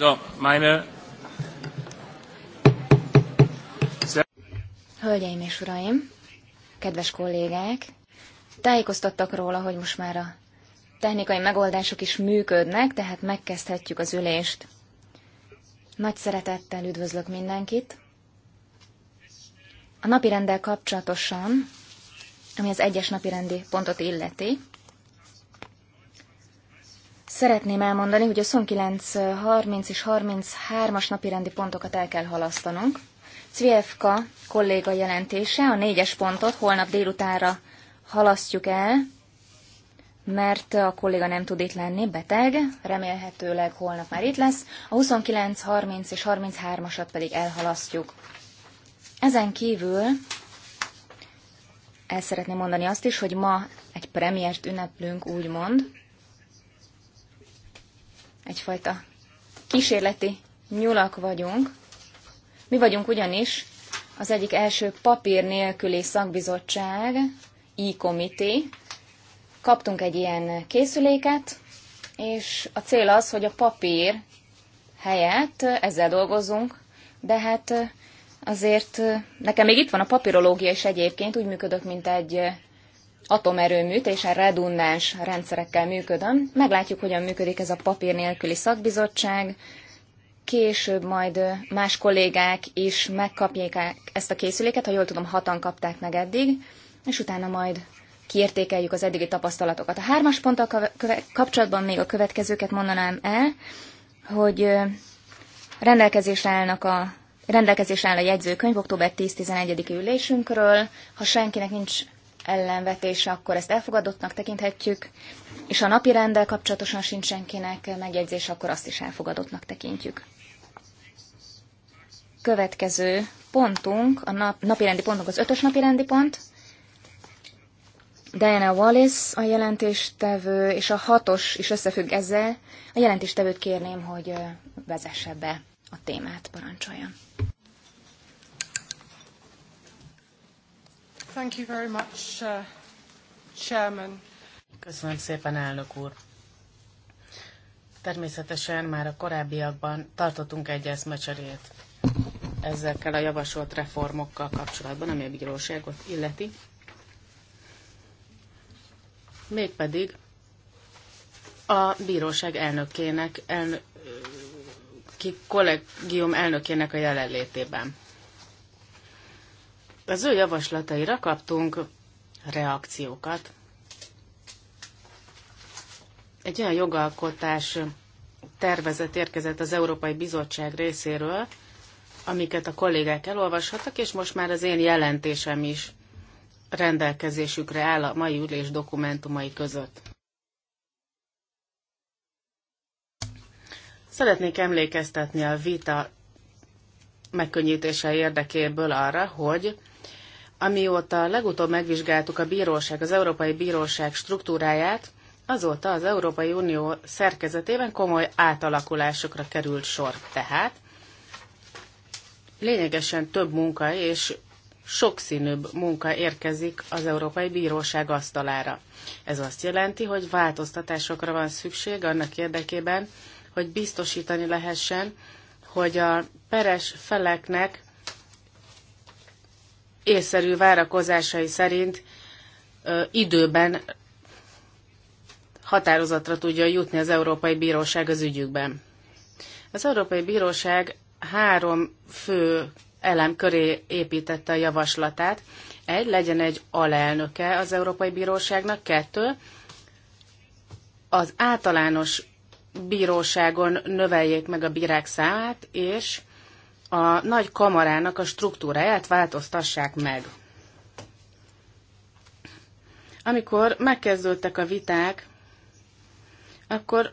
So, meine Hölgyeim és uraim, kedves kollégák, tájékoztattak róla, hogy most már a technikai megoldások is működnek, tehát megkezdhetjük az ülést. Nagy szeretettel üdvözlök mindenkit. A napirenddel kapcsolatosan, ami az egyes napirendi pontot illeti, Szeretném elmondani, hogy a 29, 30 és 33-as napirendi pontokat el kell halasztanunk. Cvjevka kolléga jelentése, a négyes pontot holnap délutánra halasztjuk el, mert a kolléga nem tud itt lenni, beteg, remélhetőleg holnap már itt lesz, a 29, 30 és 33-asat pedig elhalasztjuk. Ezen kívül el szeretném mondani azt is, hogy ma egy premiért ünneplünk, úgymond, egyfajta kísérleti nyulak vagyunk. Mi vagyunk ugyanis az egyik első papír nélküli szakbizottság, i-komité. Kaptunk egy ilyen készüléket, és a cél az, hogy a papír helyett ezzel dolgozunk, de hát azért nekem még itt van a papírológia is egyébként, úgy működök, mint egy atomerőműt és a redundáns rendszerekkel működöm. Meglátjuk, hogyan működik ez a papír nélküli szakbizottság. Később majd más kollégák is megkapják ezt a készüléket, ha jól tudom, hatan kapták meg eddig, és utána majd kiértékeljük az eddigi tapasztalatokat. A hármas ponttal kapcsolatban még a következőket mondanám el, hogy rendelkezésre állnak a rendelkezésre áll a jegyzőkönyv október 10-11. ülésünkről. Ha senkinek nincs ellenvetése, akkor ezt elfogadottnak tekinthetjük, és a napi rendel kapcsolatosan sincs senkinek megjegyzés, akkor azt is elfogadottnak tekintjük. Következő pontunk, a nap, napirendi pontunk az ötös napirendi pont, Diana Wallace a jelentéstevő, és a hatos is összefügg ezzel. A jelentéstevőt kérném, hogy vezesse be a témát, parancsoljon. Thank you very much, uh, Chairman. Köszönöm szépen, elnök úr. Természetesen már a korábbiakban tartottunk egy eszmecserét ezekkel a javasolt reformokkal kapcsolatban, ami a bíróságot illeti. Mégpedig a bíróság elnökének, elnök, ki kollégium elnökének a jelenlétében. Az ő javaslataira kaptunk reakciókat. Egy olyan jogalkotás tervezet érkezett az Európai Bizottság részéről, amiket a kollégák elolvashattak, és most már az én jelentésem is rendelkezésükre áll a mai ülés dokumentumai között. Szeretnék emlékeztetni a vita megkönnyítése érdekéből arra, hogy Amióta legutóbb megvizsgáltuk a bíróság, az Európai Bíróság struktúráját, azóta az Európai Unió szerkezetében komoly átalakulásokra került sor. Tehát lényegesen több munka és sokszínűbb munka érkezik az Európai Bíróság asztalára. Ez azt jelenti, hogy változtatásokra van szükség annak érdekében, hogy biztosítani lehessen, hogy a peres feleknek észszerű várakozásai szerint ö, időben határozatra tudja jutni az Európai Bíróság az ügyükben. Az Európai Bíróság három fő elem köré építette a javaslatát. Egy, legyen egy alelnöke az Európai Bíróságnak, kettő, az általános bíróságon növeljék meg a bírák számát, és a nagy kamarának a struktúráját változtassák meg. Amikor megkezdődtek a viták, akkor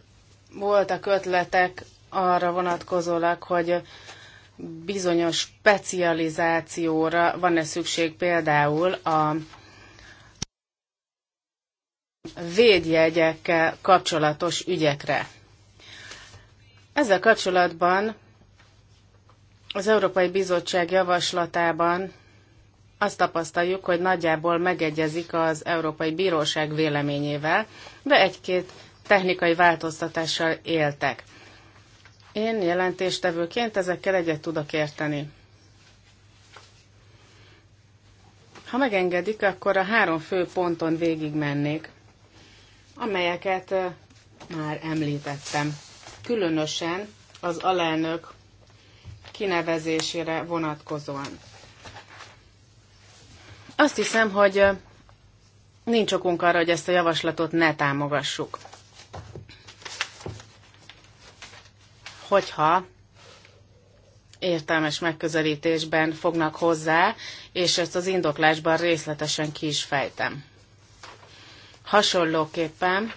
voltak ötletek arra vonatkozólag, hogy bizonyos specializációra van-e szükség például a védjegyekkel kapcsolatos ügyekre. Ezzel kapcsolatban az Európai Bizottság javaslatában azt tapasztaljuk, hogy nagyjából megegyezik az Európai Bíróság véleményével, de egy-két technikai változtatással éltek. Én jelentéstevőként ezekkel egyet tudok érteni. Ha megengedik, akkor a három fő ponton végigmennék, amelyeket eh, már említettem. Különösen az alelnök kinevezésére vonatkozóan. Azt hiszem, hogy nincs okunk arra, hogy ezt a javaslatot ne támogassuk. Hogyha értelmes megközelítésben fognak hozzá, és ezt az indoklásban részletesen ki is fejtem. Hasonlóképpen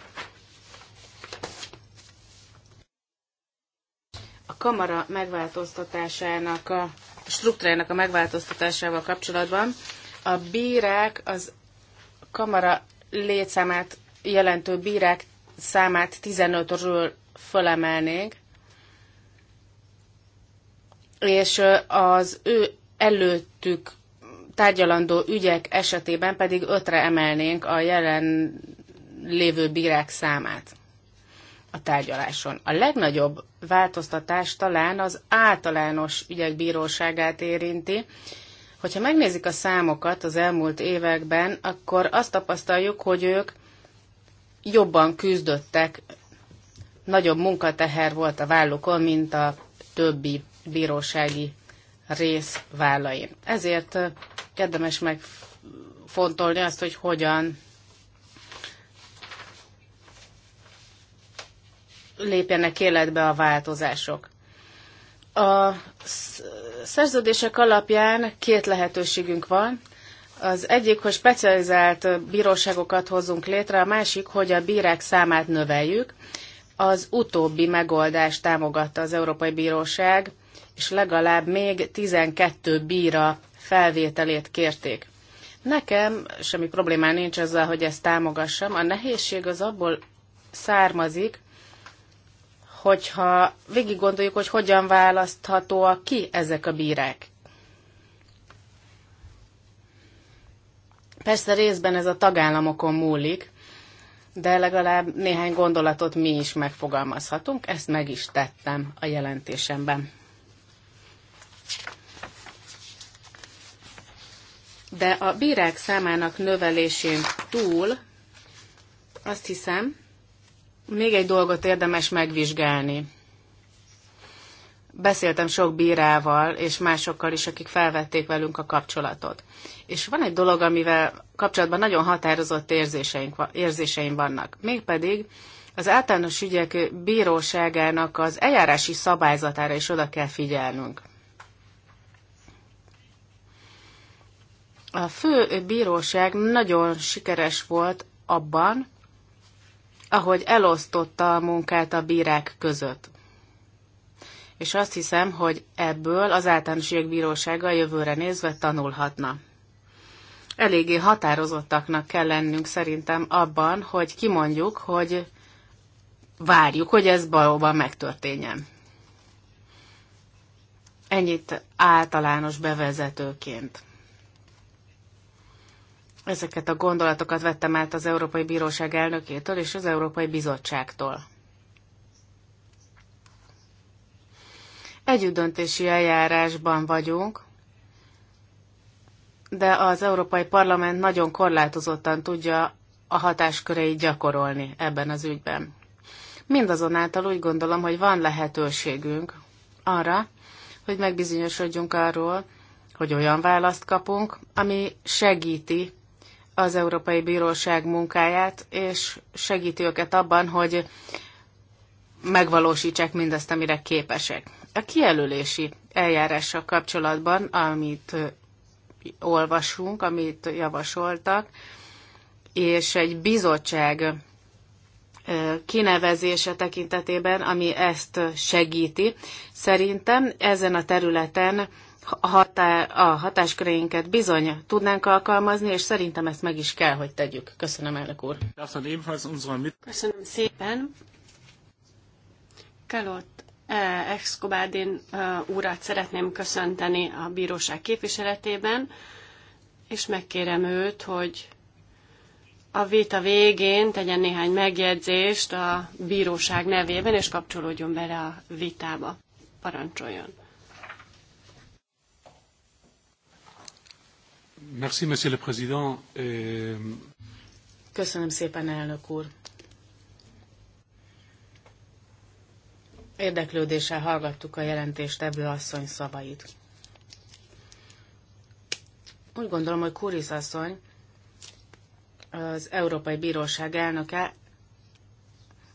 kamara megváltoztatásának, a struktúrájának a megváltoztatásával kapcsolatban a bírák, az kamara létszámát jelentő bírák számát 15-ről fölemelnénk, és az ő előttük tárgyalandó ügyek esetében pedig ötre emelnénk a jelen lévő bírák számát a tárgyaláson. A legnagyobb változtatás talán az általános ügyek bíróságát érinti. Hogyha megnézik a számokat az elmúlt években, akkor azt tapasztaljuk, hogy ők jobban küzdöttek, nagyobb munkateher volt a vállukon, mint a többi bírósági rész vállain. Ezért érdemes megfontolni azt, hogy hogyan lépjenek életbe a változások. A szerződések alapján két lehetőségünk van. Az egyik, hogy specializált bíróságokat hozzunk létre, a másik, hogy a bírák számát növeljük. Az utóbbi megoldást támogatta az Európai Bíróság, és legalább még 12 bíra felvételét kérték. Nekem semmi problémám nincs azzal, hogy ezt támogassam. A nehézség az abból származik, hogyha végig gondoljuk, hogy hogyan választhatóak ki ezek a bírák. Persze részben ez a tagállamokon múlik, de legalább néhány gondolatot mi is megfogalmazhatunk, ezt meg is tettem a jelentésemben. De a bírák számának növelésén túl azt hiszem, még egy dolgot érdemes megvizsgálni. Beszéltem sok bírával és másokkal is, akik felvették velünk a kapcsolatot. És van egy dolog, amivel kapcsolatban nagyon határozott érzéseink, érzéseim vannak. Mégpedig az általános ügyek bíróságának az eljárási szabályzatára is oda kell figyelnünk. A fő bíróság nagyon sikeres volt abban, ahogy elosztotta a munkát a bírák között. És azt hiszem, hogy ebből az általános jogbírósága jövőre nézve tanulhatna. Eléggé határozottaknak kell lennünk szerintem abban, hogy kimondjuk, hogy várjuk, hogy ez valóban megtörténjen. Ennyit általános bevezetőként. Ezeket a gondolatokat vettem át az Európai Bíróság elnökétől és az Európai Bizottságtól. Együttdöntési eljárásban vagyunk, de az Európai Parlament nagyon korlátozottan tudja a hatásköreit gyakorolni ebben az ügyben. Mindazonáltal úgy gondolom, hogy van lehetőségünk arra, hogy megbizonyosodjunk arról, hogy olyan választ kapunk, ami segíti az Európai Bíróság munkáját, és segíti őket abban, hogy megvalósítsák mindazt, amire képesek. A kijelölési eljárással kapcsolatban, amit olvasunk, amit javasoltak, és egy bizottság kinevezése tekintetében, ami ezt segíti. Szerintem ezen a területen a, hatá, hatásköréinket bizony tudnánk alkalmazni, és szerintem ezt meg is kell, hogy tegyük. Köszönöm, elnök úr. Köszönöm szépen. Kalott eh, Excobádin eh, úrát szeretném köszönteni a bíróság képviseletében, és megkérem őt, hogy a vita végén tegyen néhány megjegyzést a bíróság nevében, és kapcsolódjon bele a vitába. Parancsoljon! Merci, Monsieur le Président. Euh, Köszönöm szépen, elnök úr. Érdeklődéssel hallgattuk a jelentést ebből asszony szavait. Úgy gondolom, hogy Kuris asszony, az Európai Bíróság elnöke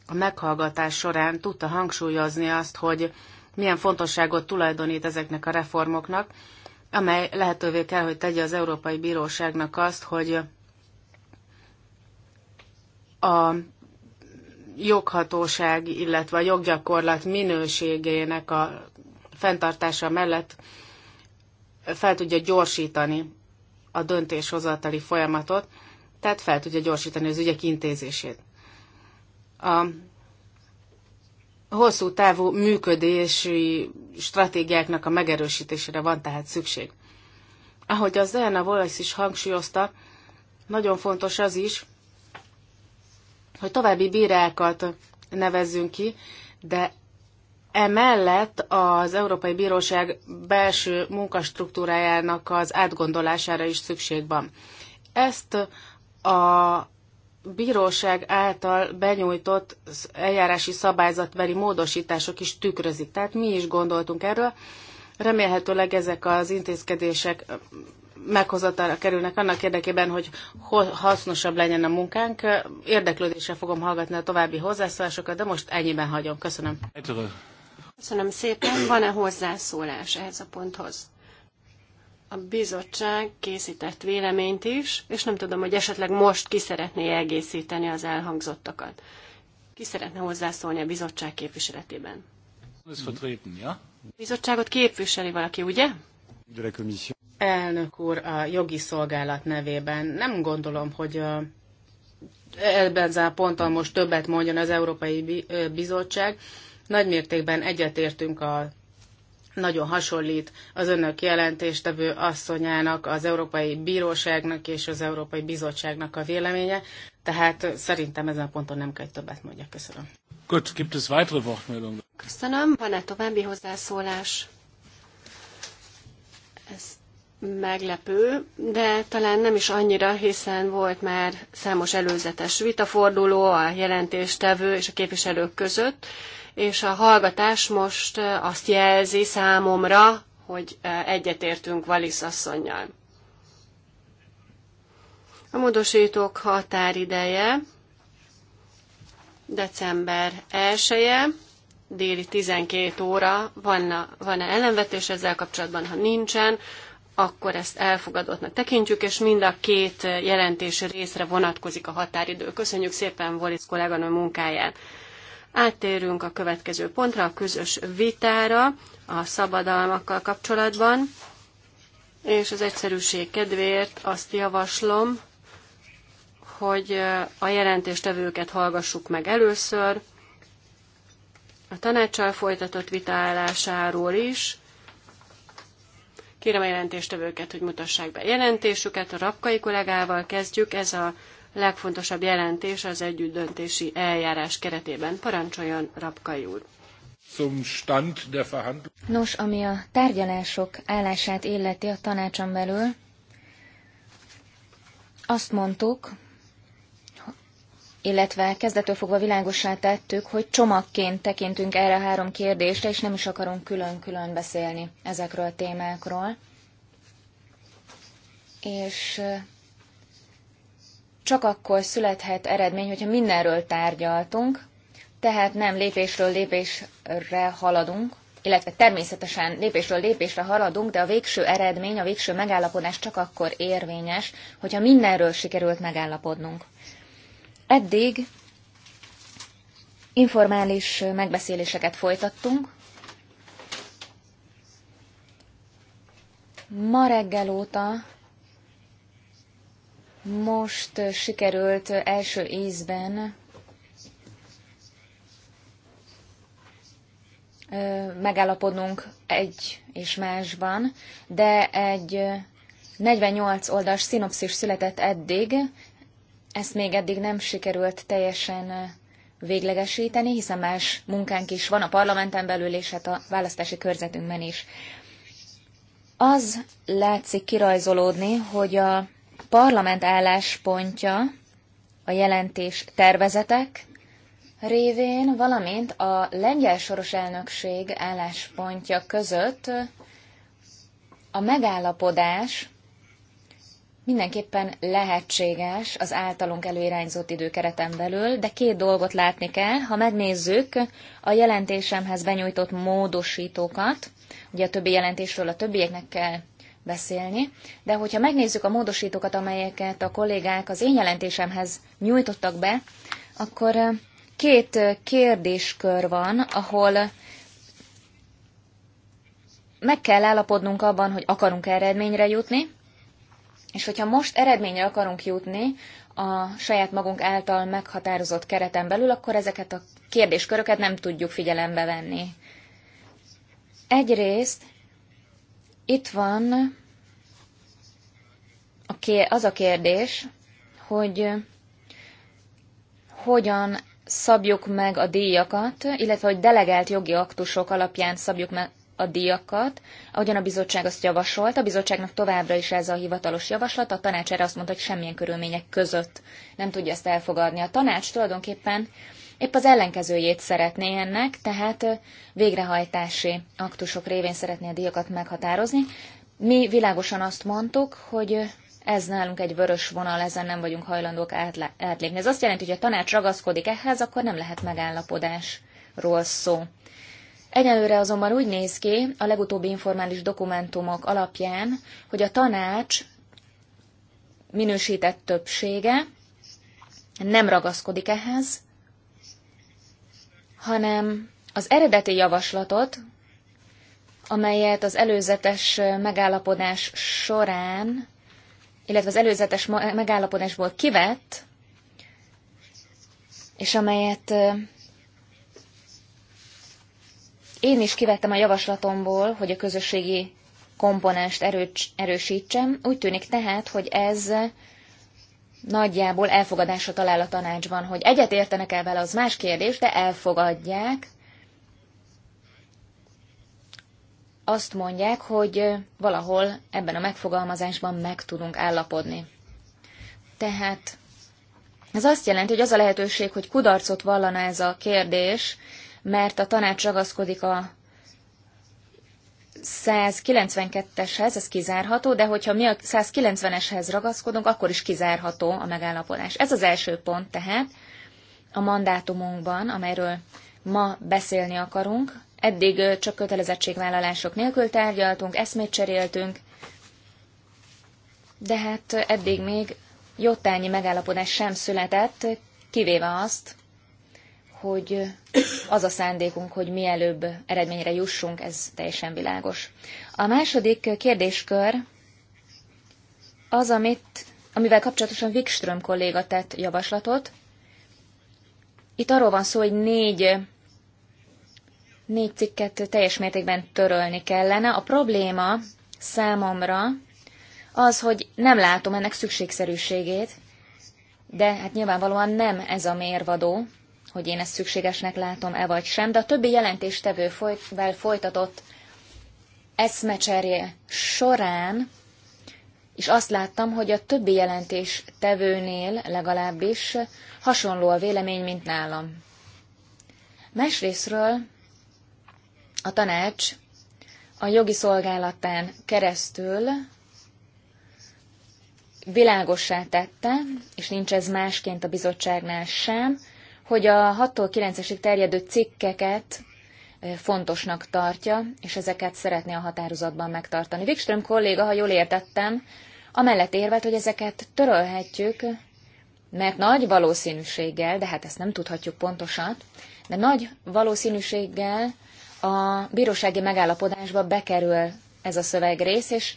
a meghallgatás során tudta hangsúlyozni azt, hogy milyen fontosságot tulajdonít ezeknek a reformoknak, amely lehetővé kell, hogy tegye az Európai Bíróságnak azt, hogy a joghatóság, illetve a joggyakorlat minőségének a fenntartása mellett fel tudja gyorsítani a döntéshozatali folyamatot, tehát fel tudja gyorsítani az ügyek intézését. A hosszú távú működési stratégiáknak a megerősítésére van tehát szükség. Ahogy az Elna Wallace is hangsúlyozta, nagyon fontos az is, hogy további bírákat nevezzünk ki, de emellett az Európai Bíróság belső munkastruktúrájának az átgondolására is szükség van. Ezt a bíróság által benyújtott eljárási szabályzatbeli módosítások is tükrözik. Tehát mi is gondoltunk erről. Remélhetőleg ezek az intézkedések meghozatára kerülnek annak érdekében, hogy hasznosabb legyen a munkánk. Érdeklődéssel fogom hallgatni a további hozzászólásokat, de most ennyiben hagyom. Köszönöm. Köszönöm szépen. Van-e hozzászólás ehhez a ponthoz? a bizottság készített véleményt is, és nem tudom, hogy esetleg most ki szeretné egészíteni az elhangzottakat. Ki szeretne hozzászólni a bizottság képviseletében? A bizottságot képviseli valaki, ugye? Elnök úr, a jogi szolgálat nevében nem gondolom, hogy ebben a ponton most többet mondjon az Európai Bizottság. Nagy mértékben egyetértünk a nagyon hasonlít az önök jelentéstevő asszonyának, az Európai Bíróságnak és az Európai Bizottságnak a véleménye, tehát szerintem ezen a ponton nem kell többet mondjak. Köszönöm. Gut, gibt es weitere Wortmeldungen? Köszönöm. Van-e további hozzászólás? Ez meglepő, de talán nem is annyira, hiszen volt már számos előzetes vitaforduló a jelentéstevő és a képviselők között, és a hallgatás most eh, azt jelzi számomra, hogy eh, egyetértünk Valisz asszonynal. A módosítók határideje december 1 -e, déli 12 óra. Van-e van -e ellenvetés ezzel kapcsolatban? Ha nincsen, akkor ezt elfogadottnak tekintjük, és mind a két jelentés részre vonatkozik a határidő. Köszönjük szépen Volisz kolléganő munkáját! Áttérünk a következő pontra, a közös vitára a szabadalmakkal kapcsolatban, és az egyszerűség kedvéért azt javaslom, hogy a jelentéstevőket hallgassuk meg először, a tanácssal folytatott vitálásáról is. Kérem a jelentéstevőket, hogy mutassák be jelentésüket. A rapkai kollégával kezdjük. Ez a legfontosabb jelentés az együttdöntési eljárás keretében. Parancsoljon Rapkai úr! Nos, ami a tárgyalások állását illeti a tanácson belül, azt mondtuk, illetve kezdetől fogva világosá tettük, hogy csomagként tekintünk erre a három kérdésre, és nem is akarunk külön-külön beszélni ezekről a témákról. És csak akkor születhet eredmény, hogyha mindenről tárgyaltunk, tehát nem lépésről lépésre haladunk, illetve természetesen lépésről lépésre haladunk, de a végső eredmény, a végső megállapodás csak akkor érvényes, hogyha mindenről sikerült megállapodnunk. Eddig informális megbeszéléseket folytattunk. Ma reggel óta most sikerült első ízben megállapodnunk egy és másban, de egy 48 oldalas szinopszis született eddig, ezt még eddig nem sikerült teljesen véglegesíteni, hiszen más munkánk is van a parlamenten belül, és hát a választási körzetünkben is. Az látszik kirajzolódni, hogy a parlament álláspontja a jelentés tervezetek révén, valamint a lengyel soros elnökség álláspontja között a megállapodás mindenképpen lehetséges az általunk előirányzott időkereten belül, de két dolgot látni kell. Ha megnézzük a jelentésemhez benyújtott módosítókat, ugye a többi jelentésről a többieknek kell beszélni, de hogyha megnézzük a módosítókat, amelyeket a kollégák az én jelentésemhez nyújtottak be, akkor két kérdéskör van, ahol meg kell állapodnunk abban, hogy akarunk eredményre jutni, és hogyha most eredményre akarunk jutni a saját magunk által meghatározott kereten belül, akkor ezeket a kérdésköröket nem tudjuk figyelembe venni. Egyrészt itt van az a kérdés, hogy hogyan szabjuk meg a díjakat, illetve hogy delegált jogi aktusok alapján szabjuk meg a díjakat, ahogyan a bizottság azt javasolt. A bizottságnak továbbra is ez a hivatalos javaslat, a tanács erre azt mondta, hogy semmilyen körülmények között nem tudja ezt elfogadni. A tanács tulajdonképpen Épp az ellenkezőjét szeretné ennek, tehát végrehajtási aktusok révén szeretné a díjakat meghatározni. Mi világosan azt mondtuk, hogy ez nálunk egy vörös vonal, ezen nem vagyunk hajlandók átlépni. Ez azt jelenti, hogy a tanács ragaszkodik ehhez, akkor nem lehet megállapodásról szó. Egyelőre azonban úgy néz ki, a legutóbbi informális dokumentumok alapján, hogy a tanács minősített többsége nem ragaszkodik ehhez, hanem az eredeti javaslatot, amelyet az előzetes megállapodás során, illetve az előzetes megállapodásból kivett, és amelyet én is kivettem a javaslatomból, hogy a közösségi komponást erős, erősítsem. Úgy tűnik tehát, hogy ez nagyjából elfogadásra talál a tanácsban, hogy egyet értenek el vele, az más kérdés, de elfogadják. Azt mondják, hogy valahol ebben a megfogalmazásban meg tudunk állapodni. Tehát ez azt jelenti, hogy az a lehetőség, hogy kudarcot vallana ez a kérdés, mert a tanács ragaszkodik a 192-eshez ez kizárható, de hogyha mi a 190-eshez ragaszkodunk, akkor is kizárható a megállapodás. Ez az első pont tehát a mandátumunkban, amelyről ma beszélni akarunk. Eddig csak kötelezettségvállalások nélkül tárgyaltunk, eszmét cseréltünk, de hát eddig még jótányi megállapodás sem született, kivéve azt, hogy az a szándékunk, hogy mielőbb eredményre jussunk, ez teljesen világos. A második kérdéskör az, amit, amivel kapcsolatosan Wikström kolléga tett javaslatot. Itt arról van szó, hogy négy, négy cikket teljes mértékben törölni kellene. A probléma számomra az, hogy nem látom ennek szükségszerűségét, de hát nyilvánvalóan nem ez a mérvadó, hogy én ezt szükségesnek látom-e vagy sem, de a többi jelentéstevővel folytatott eszmecserje során és azt láttam, hogy a többi jelentéstevőnél legalábbis hasonló a vélemény, mint nálam. Másrésztről a tanács a jogi szolgálatán keresztül világossá tette, és nincs ez másként a bizottságnál sem, hogy a 6-tól 9-esig terjedő cikkeket fontosnak tartja, és ezeket szeretné a határozatban megtartani. Wikström kolléga, ha jól értettem, amellett érvelt, hogy ezeket törölhetjük, mert nagy valószínűséggel, de hát ezt nem tudhatjuk pontosan, de nagy valószínűséggel a bírósági megállapodásba bekerül ez a szövegrész, és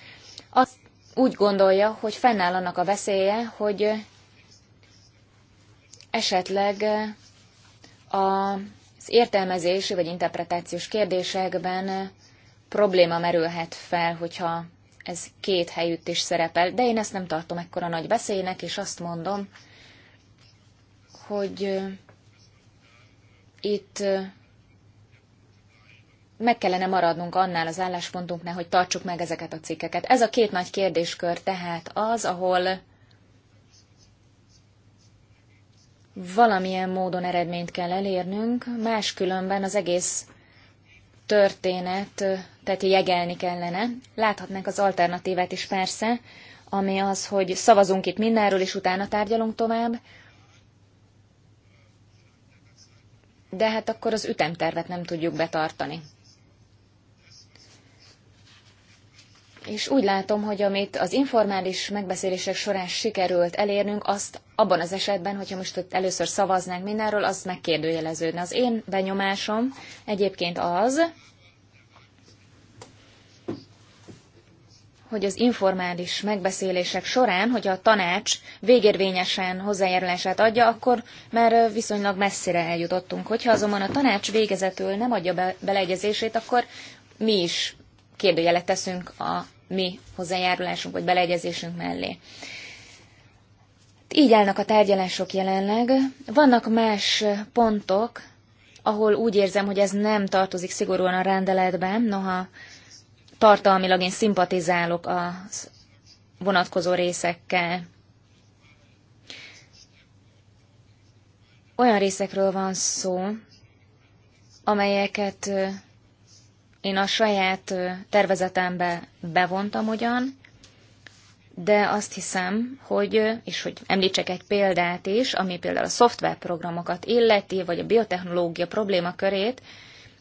azt úgy gondolja, hogy fennáll annak a veszélye, hogy esetleg eh, az értelmezési vagy interpretációs kérdésekben eh, probléma merülhet fel, hogyha ez két helyütt is szerepel, de én ezt nem tartom ekkora nagy beszélynek, és azt mondom, hogy eh, itt meg kellene maradnunk annál az álláspontunknál, hogy tartsuk meg ezeket a cikkeket. Ez a két nagy kérdéskör tehát az, ahol valamilyen módon eredményt kell elérnünk, máskülönben az egész történet, tehát jegelni kellene. Láthatnánk az alternatívát is persze, ami az, hogy szavazunk itt mindenről, és utána tárgyalunk tovább. De hát akkor az ütemtervet nem tudjuk betartani. És úgy látom, hogy amit az informális megbeszélések során sikerült elérnünk, azt abban az esetben, hogyha most ott először szavaznánk mindenről, az megkérdőjeleződne. Az én benyomásom egyébként az, hogy az informális megbeszélések során, hogy a tanács végérvényesen hozzájárulását adja, akkor már viszonylag messzire eljutottunk. Hogyha azonban a tanács végezetül nem adja be, beleegyezését, akkor mi is kérdőjelet teszünk a mi hozzájárulásunk vagy beleegyezésünk mellé. Így állnak a tárgyalások jelenleg. Vannak más pontok, ahol úgy érzem, hogy ez nem tartozik szigorúan a rendeletben, noha tartalmilag én szimpatizálok a vonatkozó részekkel. Olyan részekről van szó, amelyeket én a saját tervezetembe bevontam ugyan, de azt hiszem, hogy, és hogy említsek egy példát is, ami például a szoftverprogramokat illeti, vagy a biotechnológia problémakörét,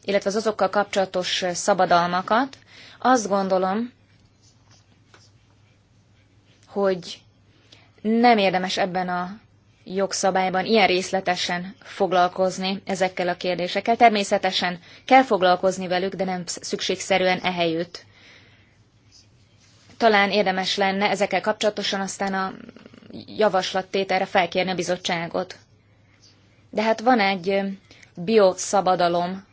illetve az azokkal kapcsolatos szabadalmakat, azt gondolom, hogy nem érdemes ebben a jogszabályban ilyen részletesen foglalkozni ezekkel a kérdésekkel. Természetesen kell foglalkozni velük, de nem szükségszerűen ehelyütt. Talán érdemes lenne ezekkel kapcsolatosan aztán a javaslattételre felkérni a bizottságot. De hát van egy bioszabadalom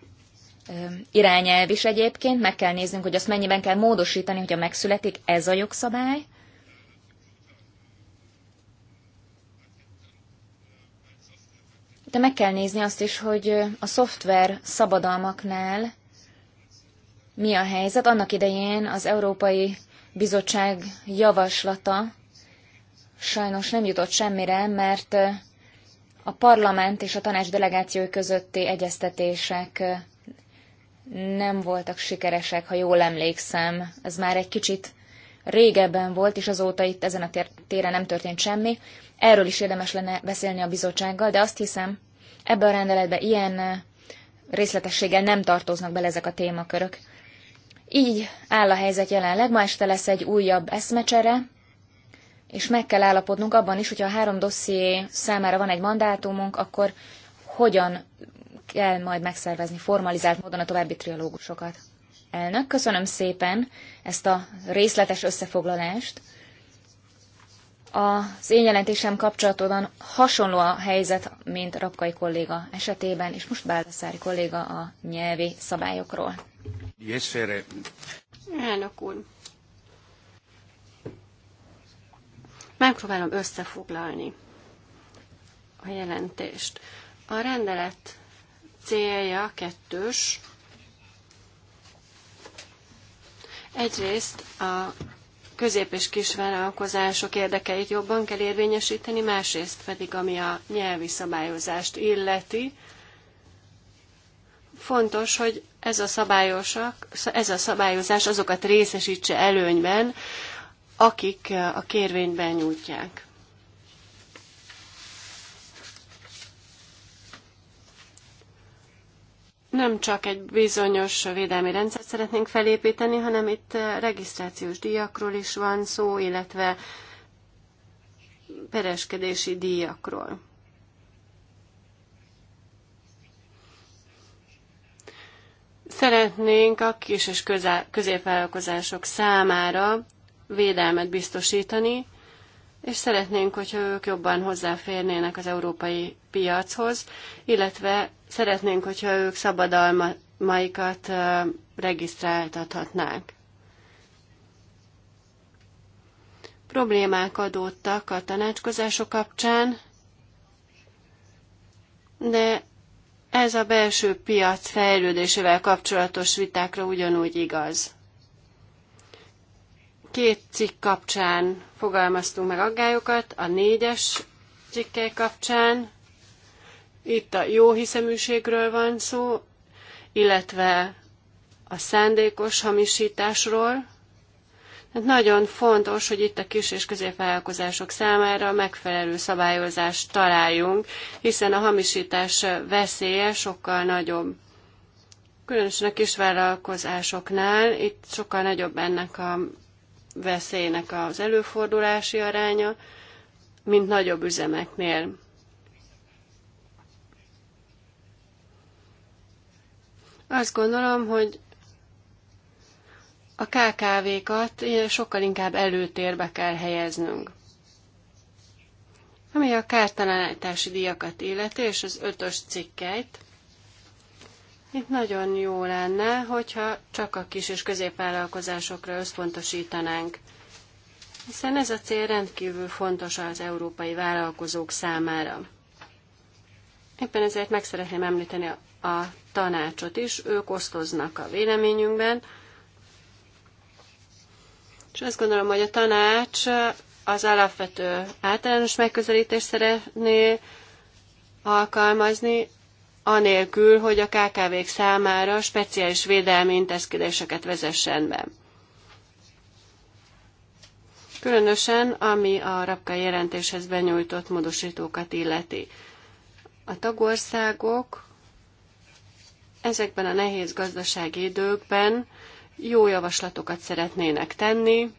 irányelv is egyébként, meg kell néznünk, hogy azt mennyiben kell módosítani, hogyha megszületik ez a jogszabály, de meg kell nézni azt is, hogy a szoftver szabadalmaknál mi a helyzet. Annak idején az Európai Bizottság javaslata sajnos nem jutott semmire, mert a parlament és a tanács delegációi közötti egyeztetések nem voltak sikeresek, ha jól emlékszem. Ez már egy kicsit régebben volt, és azóta itt ezen a téren nem történt semmi. Erről is érdemes lenne beszélni a bizottsággal, de azt hiszem, ebbe a rendeletbe ilyen eh, részletességgel nem tartoznak bele ezek a témakörök. Így áll a helyzet jelenleg, ma este lesz egy újabb eszmecsere, és meg kell állapodnunk abban is, hogyha a három dosszié számára van egy mandátumunk, akkor hogyan kell majd megszervezni formalizált módon a további trialógusokat. Elnök, köszönöm szépen ezt a részletes összefoglalást. Az én jelentésem kapcsolatban hasonló a helyzet, mint Rapkai kolléga esetében, és most Báldaszári kolléga a nyelvi szabályokról. Elnök úr. Megpróbálom összefoglalni a jelentést. A rendelet célja kettős. Egyrészt a közép- és kisvállalkozások érdekeit jobban kell érvényesíteni, másrészt pedig, ami a nyelvi szabályozást illeti, fontos, hogy ez a, szabályosak, ez a szabályozás azokat részesítse előnyben, akik a kérvényben nyújtják. nem csak egy bizonyos védelmi rendszert szeretnénk felépíteni, hanem itt eh, regisztrációs díjakról is van szó, illetve pereskedési díjakról. Szeretnénk a kis és középvállalkozások számára védelmet biztosítani, és szeretnénk, hogyha ők jobban hozzáférnének az európai piachoz, illetve szeretnénk, hogyha ők szabadalmaikat regisztráltathatnák. Problémák adódtak a tanácskozások kapcsán, de ez a belső piac fejlődésével kapcsolatos vitákra ugyanúgy igaz két cikk kapcsán fogalmaztunk meg aggályokat, a négyes cikkek kapcsán, itt a jó hiszeműségről van szó, illetve a szándékos hamisításról. Tehát nagyon fontos, hogy itt a kis és középvállalkozások számára megfelelő szabályozást találjunk, hiszen a hamisítás veszélye sokkal nagyobb. Különösen a kisvállalkozásoknál itt sokkal nagyobb ennek a veszélynek az előfordulási aránya, mint nagyobb üzemeknél. Azt gondolom, hogy a KKV-kat sokkal inkább előtérbe kell helyeznünk. Ami a kártalanítási díjakat illeti, és az ötös cikkeit, itt nagyon jó lenne, hogyha csak a kis és középvállalkozásokra összpontosítanánk, hiszen ez a cél rendkívül fontos az európai vállalkozók számára. Éppen ezért meg szeretném említeni a tanácsot is, ők osztoznak a véleményünkben, és azt gondolom, hogy a tanács az alapvető általános megközelítést szeretné alkalmazni, anélkül, hogy a KKV-k számára speciális védelmi intézkedéseket vezessen be. Különösen, ami a RAPKA jelentéshez benyújtott módosítókat illeti. A tagországok ezekben a nehéz gazdasági időkben jó javaslatokat szeretnének tenni,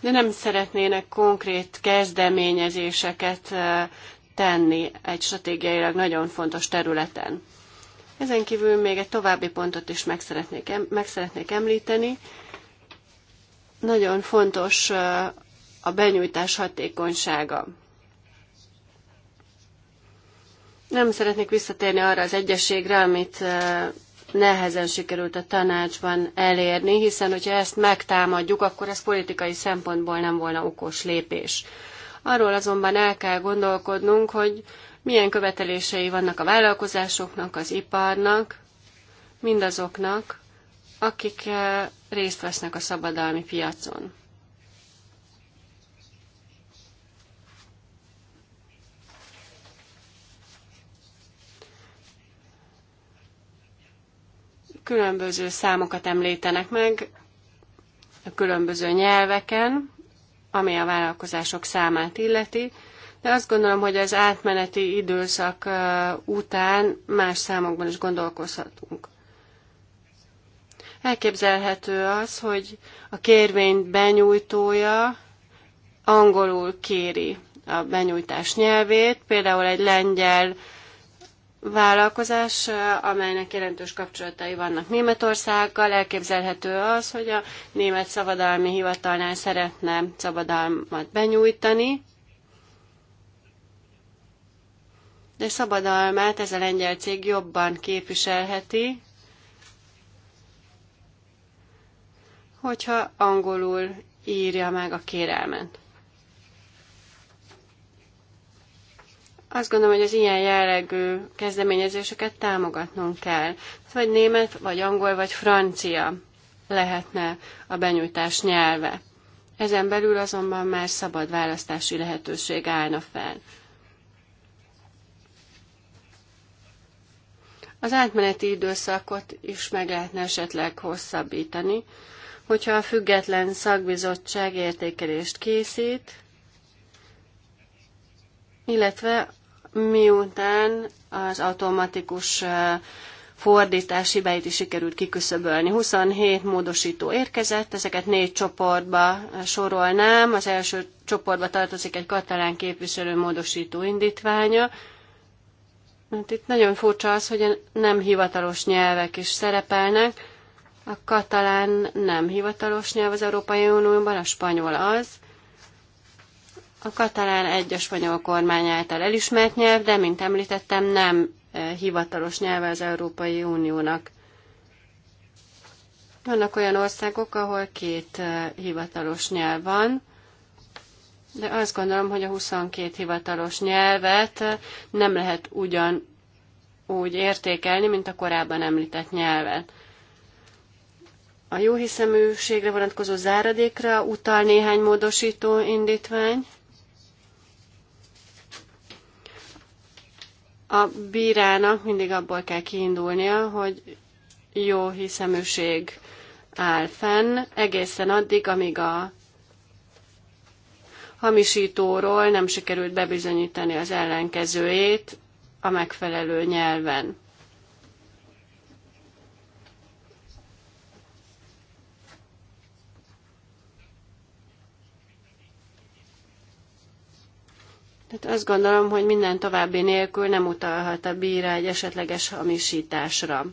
de nem szeretnének konkrét kezdeményezéseket eh, tenni egy stratégiailag nagyon fontos területen. Ezen kívül még egy további pontot is meg szeretnék, meg szeretnék említeni. Nagyon fontos a benyújtás hatékonysága. Nem szeretnék visszatérni arra az egyességre, amit nehezen sikerült a tanácsban elérni, hiszen hogyha ezt megtámadjuk, akkor ez politikai szempontból nem volna okos lépés. Arról azonban el kell gondolkodnunk, hogy milyen követelései vannak a vállalkozásoknak, az iparnak, mindazoknak, akik eh, részt vesznek a szabadalmi piacon. Különböző számokat említenek meg a különböző nyelveken, ami a vállalkozások számát illeti, de azt gondolom, hogy az átmeneti időszak után más számokban is gondolkozhatunk. Elképzelhető az, hogy a kérvény benyújtója angolul kéri a benyújtás nyelvét, például egy lengyel vállalkozás, amelynek jelentős kapcsolatai vannak Németországgal. Elképzelhető az, hogy a német szabadalmi hivatalnál szeretne szabadalmat benyújtani, de szabadalmát ez a lengyel cég jobban képviselheti, hogyha angolul írja meg a kérelmet. Azt gondolom, hogy az ilyen jellegű kezdeményezéseket támogatnunk kell. Vagy német, vagy angol, vagy francia lehetne a benyújtás nyelve. Ezen belül azonban már szabad választási lehetőség állna fel. Az átmeneti időszakot is meg lehetne esetleg hosszabbítani, hogyha a független szakbizottság értékelést készít, illetve miután az automatikus fordítási beit is sikerült kiküszöbölni. 27 módosító érkezett, ezeket négy csoportba sorolnám. Az első csoportba tartozik egy katalán képviselő módosító indítványa. Hát itt nagyon furcsa az, hogy nem hivatalos nyelvek is szerepelnek. A katalán nem hivatalos nyelv az Európai Unióban, a spanyol az a katalán egy a spanyol kormány által elismert nyelv, de mint említettem, nem e, hivatalos nyelve az Európai Uniónak. Vannak olyan országok, ahol két e, hivatalos nyelv van, de azt gondolom, hogy a 22 hivatalos nyelvet e, nem lehet ugyan úgy értékelni, mint a korábban említett nyelvet. A jóhiszeműségre vonatkozó záradékra utal néhány módosító indítvány. A bírának mindig abból kell kiindulnia, hogy jó hiszeműség áll fenn egészen addig, amíg a hamisítóról nem sikerült bebizonyítani az ellenkezőjét a megfelelő nyelven. Hát, azt gondolom, hogy minden további nélkül nem utalhat a bírá egy esetleges hamisításra.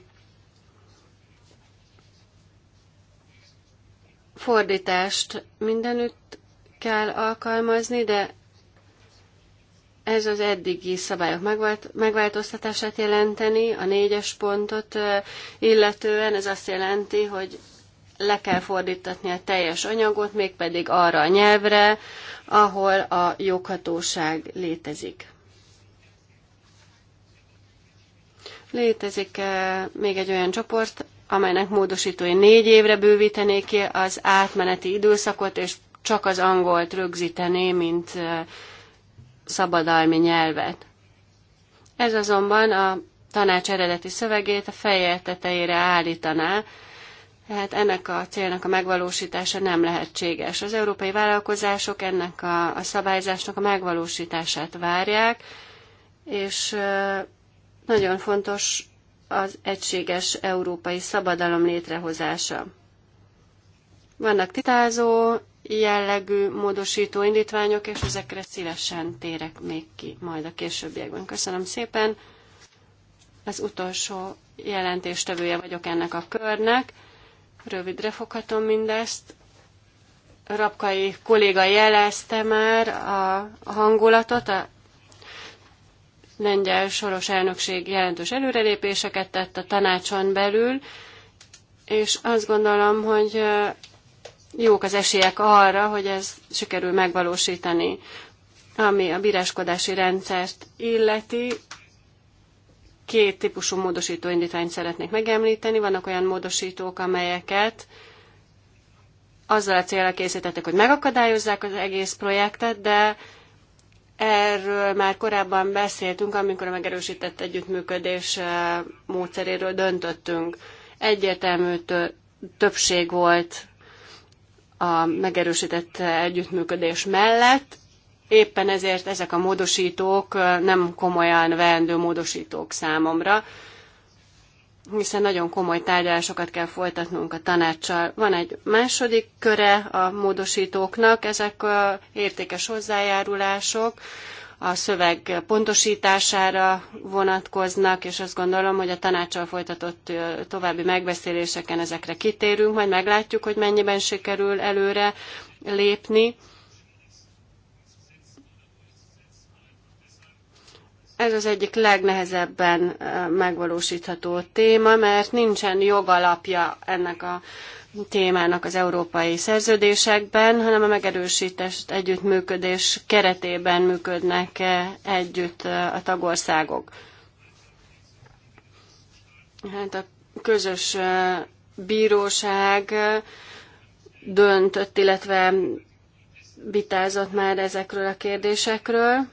Fordítást mindenütt kell alkalmazni, de ez az eddigi szabályok megváltoztatását jelenteni, a négyes pontot illetően ez azt jelenti, hogy le kell fordítatni a teljes anyagot, mégpedig arra a nyelvre, ahol a joghatóság létezik. Létezik eh, még egy olyan csoport, amelynek módosítói négy évre bővítenék ki az átmeneti időszakot, és csak az angolt rögzítené, mint eh, szabadalmi nyelvet. Ez azonban a tanács eredeti szövegét a feje tetejére állítaná, tehát ennek a célnak a megvalósítása nem lehetséges. Az európai vállalkozások ennek a, a szabályzásnak a megvalósítását várják, és nagyon fontos az egységes európai szabadalom létrehozása. Vannak titázó jellegű módosító indítványok, és ezekre szívesen térek még ki majd a későbbiekben. Köszönöm szépen. Az utolsó jelentéstevője vagyok ennek a körnek. Rövidre foghatom mindezt. Rapkai kolléga jelezte már a hangulatot, a lengyel soros elnökség jelentős előrelépéseket tett a tanácson belül, és azt gondolom, hogy jók az esélyek arra, hogy ez sikerül megvalósítani. Ami a bíráskodási rendszert illeti, két típusú módosító indítványt szeretnék megemlíteni. Vannak olyan módosítók, amelyeket azzal a célra készítettek, hogy megakadályozzák az egész projektet, de erről már korábban beszéltünk, amikor a megerősített együttműködés eh, módszeréről döntöttünk. Egyértelmű többség volt a megerősített együttműködés mellett, Éppen ezért ezek a módosítók nem komolyan veendő módosítók számomra, hiszen nagyon komoly tárgyalásokat kell folytatnunk a tanácssal. Van egy második köre a módosítóknak, ezek a értékes hozzájárulások, a szöveg pontosítására vonatkoznak, és azt gondolom, hogy a tanácssal folytatott további megbeszéléseken ezekre kitérünk, majd meglátjuk, hogy mennyiben sikerül előre lépni. Ez az egyik legnehezebben megvalósítható téma, mert nincsen jogalapja ennek a témának az európai szerződésekben, hanem a megerősített együttműködés keretében működnek együtt a tagországok. Hát a közös bíróság döntött, illetve vitázott már ezekről a kérdésekről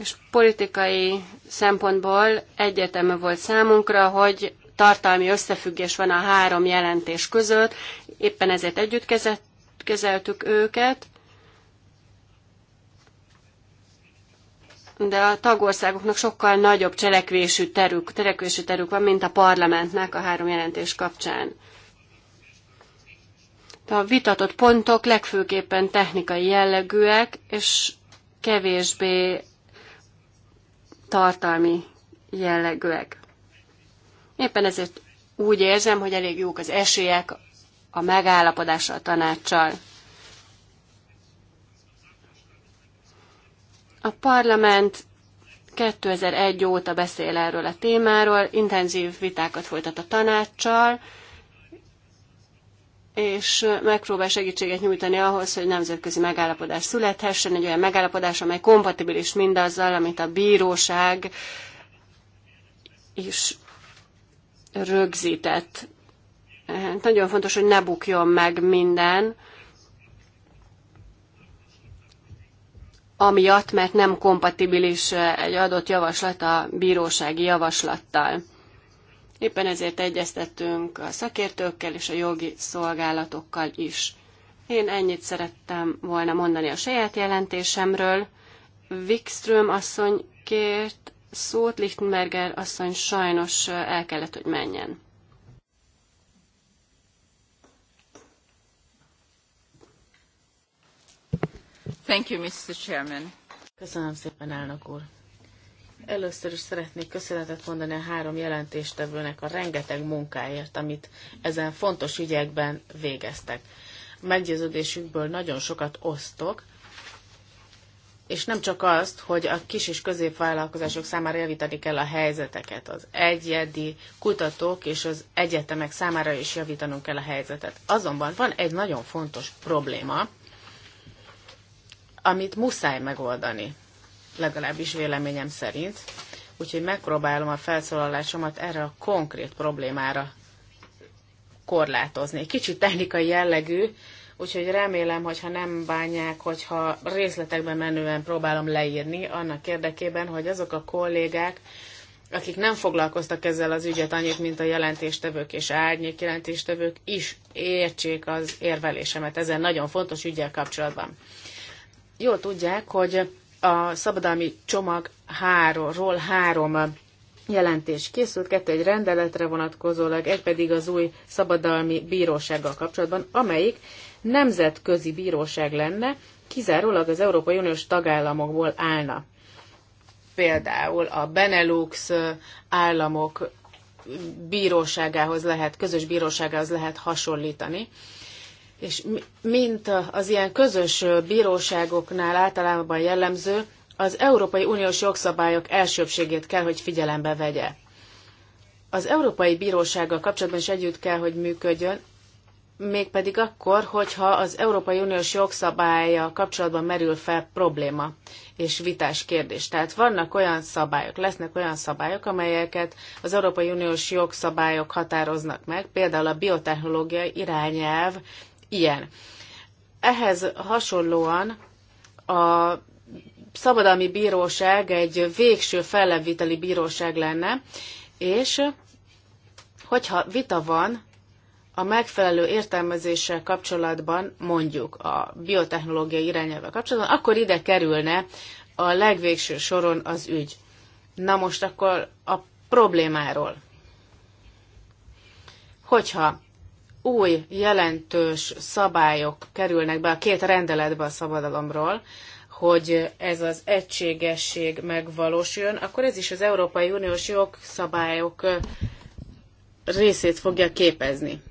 és politikai szempontból egyértelmű volt számunkra, hogy tartalmi összefüggés van a három jelentés között, éppen ezért együtt kezeltük őket, de a tagországoknak sokkal nagyobb cselekvésű terük, cselekvési terük van, mint a parlamentnek a három jelentés kapcsán. A vitatott pontok legfőképpen technikai jellegűek, és kevésbé tartalmi jellegűek. Éppen ezért úgy érzem, hogy elég jók az esélyek a megállapodásra a tanácssal. A parlament 2001 óta beszél erről a témáról, intenzív vitákat folytat a tanácssal, és megpróbál segítséget nyújtani ahhoz, hogy nemzetközi megállapodás születhessen, egy olyan megállapodás, amely kompatibilis mindazzal, amit a bíróság is rögzített. Nagyon fontos, hogy ne bukjon meg minden, amiatt, mert nem kompatibilis egy adott javaslat a bírósági javaslattal. Éppen ezért egyeztettünk a szakértőkkel és a jogi szolgálatokkal is. Én ennyit szerettem volna mondani a saját jelentésemről. Wikström asszony kért szót, Lichtenberger asszony sajnos el kellett, hogy menjen. Thank you, Mr. Chairman. Köszönöm szépen, elnök úr. Először is szeretnék köszönetet mondani a három jelentéstevőnek a rengeteg munkáért, amit ezen fontos ügyekben végeztek. meggyőződésükből nagyon sokat osztok, és nem csak azt, hogy a kis és középvállalkozások számára javítani kell a helyzeteket, az egyedi kutatók és az egyetemek számára is javítanunk kell a helyzetet. Azonban van egy nagyon fontos probléma, amit muszáj megoldani legalábbis véleményem szerint. Úgyhogy megpróbálom a felszólalásomat erre a konkrét problémára korlátozni. Kicsit technikai jellegű, úgyhogy remélem, hogyha nem bánják, hogyha részletekben menően próbálom leírni, annak érdekében, hogy azok a kollégák, akik nem foglalkoztak ezzel az ügyet annyit, mint a jelentéstevők és árnyék jelentéstevők is értsék az érvelésemet ezen nagyon fontos ügyel kapcsolatban. Jól tudják, hogy a szabadalmi csomag háromról három jelentés készült, kettő egy rendeletre vonatkozólag, egy pedig az új szabadalmi bírósággal kapcsolatban, amelyik nemzetközi bíróság lenne, kizárólag az Európai Uniós tagállamokból állna. Például a Benelux államok bíróságához lehet, közös bíróságához lehet hasonlítani és mint az ilyen közös bíróságoknál általában jellemző, az Európai Uniós jogszabályok elsőbségét kell, hogy figyelembe vegye. Az Európai Bírósággal kapcsolatban is együtt kell, hogy működjön, mégpedig akkor, hogyha az Európai Uniós jogszabálya kapcsolatban merül fel probléma és vitás kérdés. Tehát vannak olyan szabályok, lesznek olyan szabályok, amelyeket az Európai Uniós jogszabályok határoznak meg, például a biotechnológiai irányelv ilyen. Ehhez hasonlóan a szabadalmi bíróság egy végső felleviteli bíróság lenne, és hogyha vita van a megfelelő értelmezéssel kapcsolatban, mondjuk a biotechnológiai irányelvvel kapcsolatban, akkor ide kerülne a legvégső soron az ügy. Na most akkor a problémáról. Hogyha új jelentős szabályok kerülnek be a két rendeletbe a szabadalomról, hogy ez az egységesség megvalósuljon, akkor ez is az Európai Uniós jogszabályok részét fogja képezni.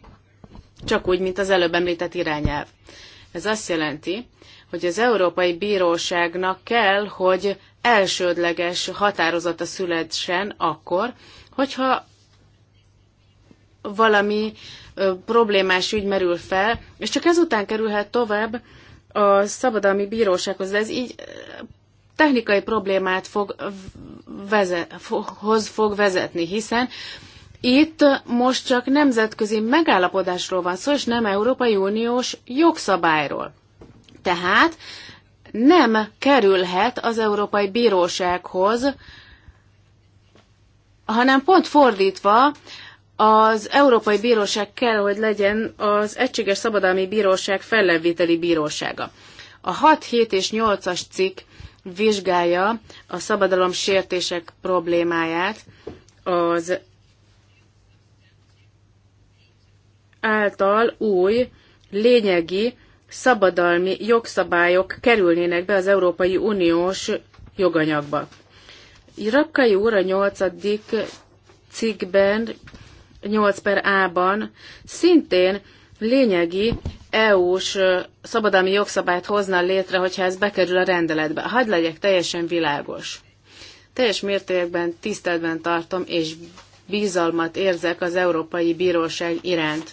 Csak úgy, mint az előbb említett irányelv. Ez azt jelenti, hogy az Európai Bíróságnak kell, hogy elsődleges határozata születsen akkor, hogyha valami problémás ügy merül fel, és csak ezután kerülhet tovább a szabadalmi bírósághoz. ez így technikai problémát fog, vezet, hoz fog vezetni, hiszen itt most csak nemzetközi megállapodásról van szó, és nem Európai Uniós jogszabályról. Tehát nem kerülhet az Európai Bírósághoz, hanem pont fordítva, az Európai Bíróság kell, hogy legyen az Egységes Szabadalmi Bíróság fellevételi bírósága. A 6, 7 és 8-as cikk vizsgálja a szabadalom sértések problémáját az által új, lényegi, szabadalmi jogszabályok kerülnének be az Európai Uniós joganyagba. Rakkai úr a nyolcadik cikkben 8 per A-ban szintén lényegi EU-s szabadalmi jogszabályt hozna létre, hogyha ez bekerül a rendeletbe. Hagy legyek teljesen világos. Teljes mértékben tiszteletben tartom, és bizalmat érzek az Európai Bíróság iránt.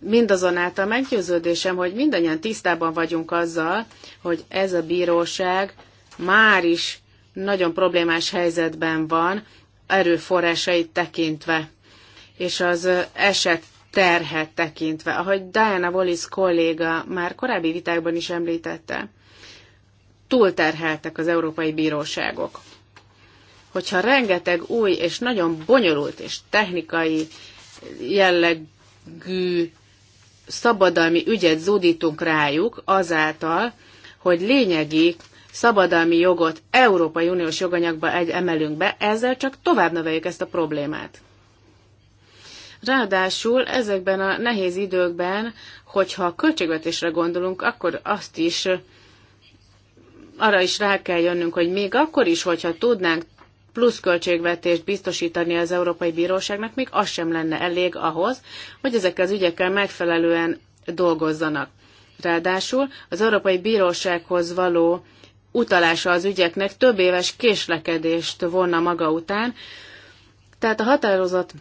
Mindazonáltal meggyőződésem, hogy mindannyian tisztában vagyunk azzal, hogy ez a bíróság már is nagyon problémás helyzetben van, erőforrásait tekintve és az eset terhet tekintve, ahogy Diana Wallis kolléga már korábbi vitákban is említette, túlterheltek az európai bíróságok. Hogyha rengeteg új és nagyon bonyolult és technikai jellegű szabadalmi ügyet zúdítunk rájuk azáltal, hogy lényegi szabadalmi jogot Európai Uniós joganyagba egy emelünk be, ezzel csak tovább növeljük ezt a problémát. Ráadásul ezekben a nehéz időkben, hogyha a költségvetésre gondolunk, akkor azt is arra is rá kell jönnünk, hogy még akkor is, hogyha tudnánk plusz költségvetést biztosítani az Európai Bíróságnak, még az sem lenne elég ahhoz, hogy ezekkel az ügyekkel megfelelően dolgozzanak. Ráadásul az Európai Bírósághoz való utalása az ügyeknek több éves késlekedést vonna maga után, tehát a határozat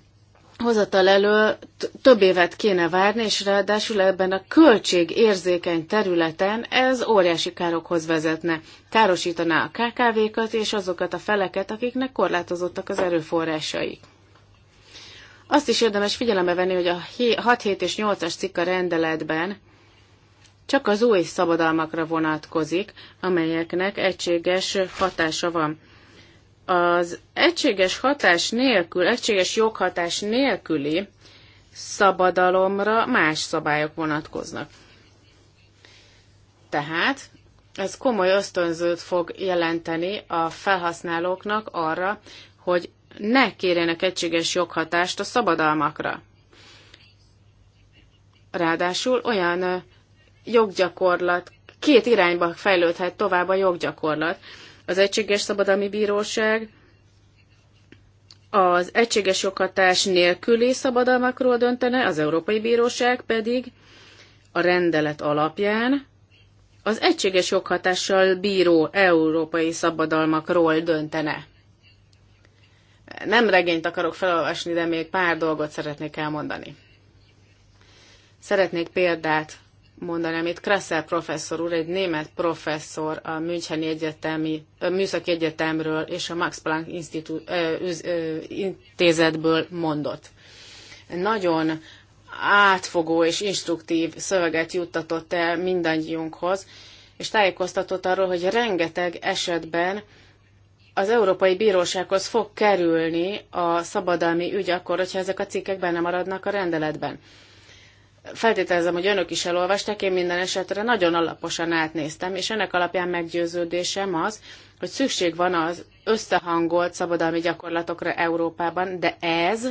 hozatal elő több évet kéne várni, és ráadásul ebben a költségérzékeny területen ez óriási károkhoz vezetne. Károsítaná a KKV-kat és azokat a feleket, akiknek korlátozottak az erőforrásaik. Azt is érdemes figyelembe venni, hogy a 6, 7 és 8-as cikka rendeletben csak az új szabadalmakra vonatkozik, amelyeknek egységes hatása van az egységes hatás nélkül, egységes joghatás nélküli szabadalomra más szabályok vonatkoznak. Tehát ez komoly ösztönzőt fog jelenteni a felhasználóknak arra, hogy ne kérjenek egységes joghatást a szabadalmakra. Ráadásul olyan joggyakorlat, két irányba fejlődhet tovább a joggyakorlat, az Egységes Szabadalmi Bíróság az egységes joghatás nélküli szabadalmakról döntene, az Európai Bíróság pedig a rendelet alapján az egységes joghatással bíró európai szabadalmakról döntene. Nem regényt akarok felolvasni, de még pár dolgot szeretnék elmondani. Szeretnék példát mondanám itt Kressel professzor úr, egy német professzor a Müncheni Egyetemi, a Műszaki Egyetemről és a Max Planck ö, ö, Intézetből mondott. Nagyon átfogó és instruktív szöveget juttatott el mindannyiunkhoz, és tájékoztatott arról, hogy rengeteg esetben az Európai Bírósághoz fog kerülni a szabadalmi ügy akkor, hogyha ezek a cikkek benne maradnak a rendeletben feltételezem, hogy önök is elolvasták, én minden esetre nagyon alaposan átnéztem, és ennek alapján meggyőződésem az, hogy szükség van az összehangolt szabadalmi gyakorlatokra Európában, de ez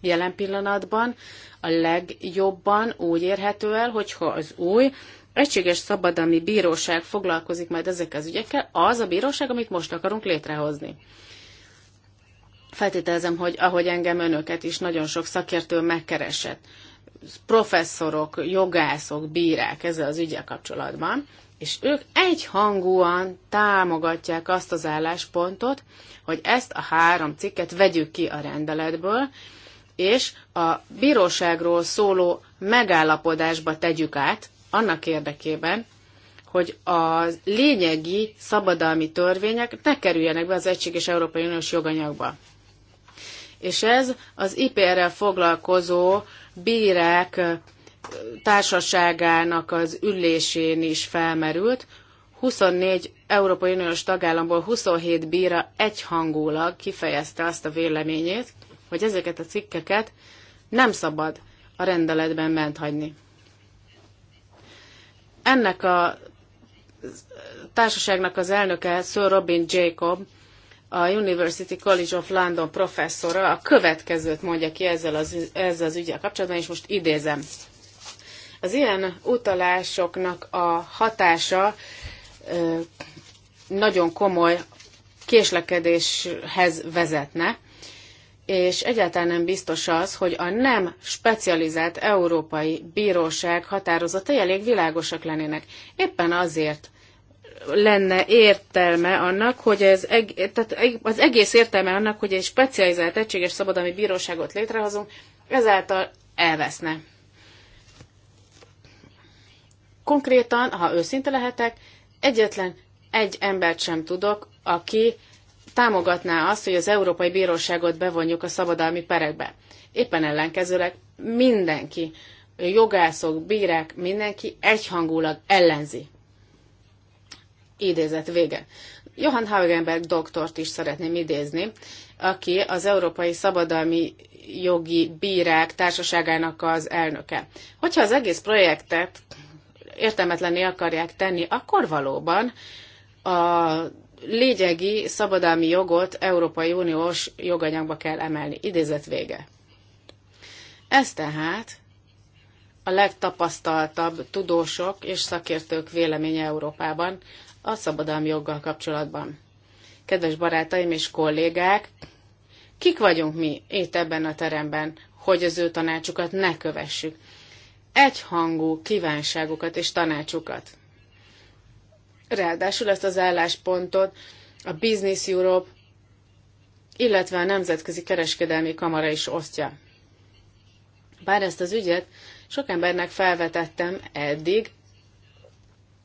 jelen pillanatban a legjobban úgy érhető el, hogyha az új egységes szabadalmi bíróság foglalkozik majd ezekkel az ügyekkel, az a bíróság, amit most akarunk létrehozni. Feltételezem, hogy ahogy engem önöket is nagyon sok szakértő megkeresett professzorok, jogászok, bírák ezzel az ügyel kapcsolatban, és ők egyhangúan támogatják azt az álláspontot, hogy ezt a három cikket vegyük ki a rendeletből, és a bíróságról szóló megállapodásba tegyük át, annak érdekében, hogy a lényegi szabadalmi törvények ne kerüljenek be az Egységes Európai Uniós joganyagba. És ez az IPR-rel foglalkozó bírák társaságának az ülésén is felmerült. 24 Európai Uniós tagállamból 27 bíra egyhangulag kifejezte azt a véleményét, hogy ezeket a cikkeket nem szabad a rendeletben ment hagyni. Ennek a társaságnak az elnöke Sir Robin Jacob a University College of London professzora a következőt mondja ki ezzel az, ezzel az ügyel kapcsolatban, és most idézem. Az ilyen utalásoknak a hatása ö, nagyon komoly késlekedéshez vezetne, és egyáltalán nem biztos az, hogy a nem specializált európai bíróság határozatai elég világosak lennének. Éppen azért lenne értelme annak, hogy ez, tehát az egész értelme annak, hogy egy specializált egységes szabadalmi bíróságot létrehozunk, ezáltal elveszne. Konkrétan, ha őszinte lehetek, egyetlen egy embert sem tudok, aki támogatná azt, hogy az Európai Bíróságot bevonjuk a szabadalmi perekbe. Éppen ellenkezőleg mindenki, jogászok, bírák, mindenki egyhangulag ellenzi Idézet vége. Johann Hagenberg doktort is szeretném idézni, aki az Európai Szabadalmi Jogi Bírák Társaságának az elnöke. Hogyha az egész projektet értelmetlené akarják tenni, akkor valóban a lényegi szabadalmi jogot Európai Uniós joganyagba kell emelni. Idézet vége. Ez tehát a legtapasztaltabb tudósok és szakértők véleménye Európában a szabadalmi joggal kapcsolatban. Kedves barátaim és kollégák, kik vagyunk mi itt ebben a teremben, hogy az ő tanácsukat ne kövessük? Egyhangú kívánságukat és tanácsukat. Ráadásul ezt az álláspontot a Business Europe, illetve a Nemzetközi Kereskedelmi Kamara is osztja. Bár ezt az ügyet sok embernek felvetettem eddig,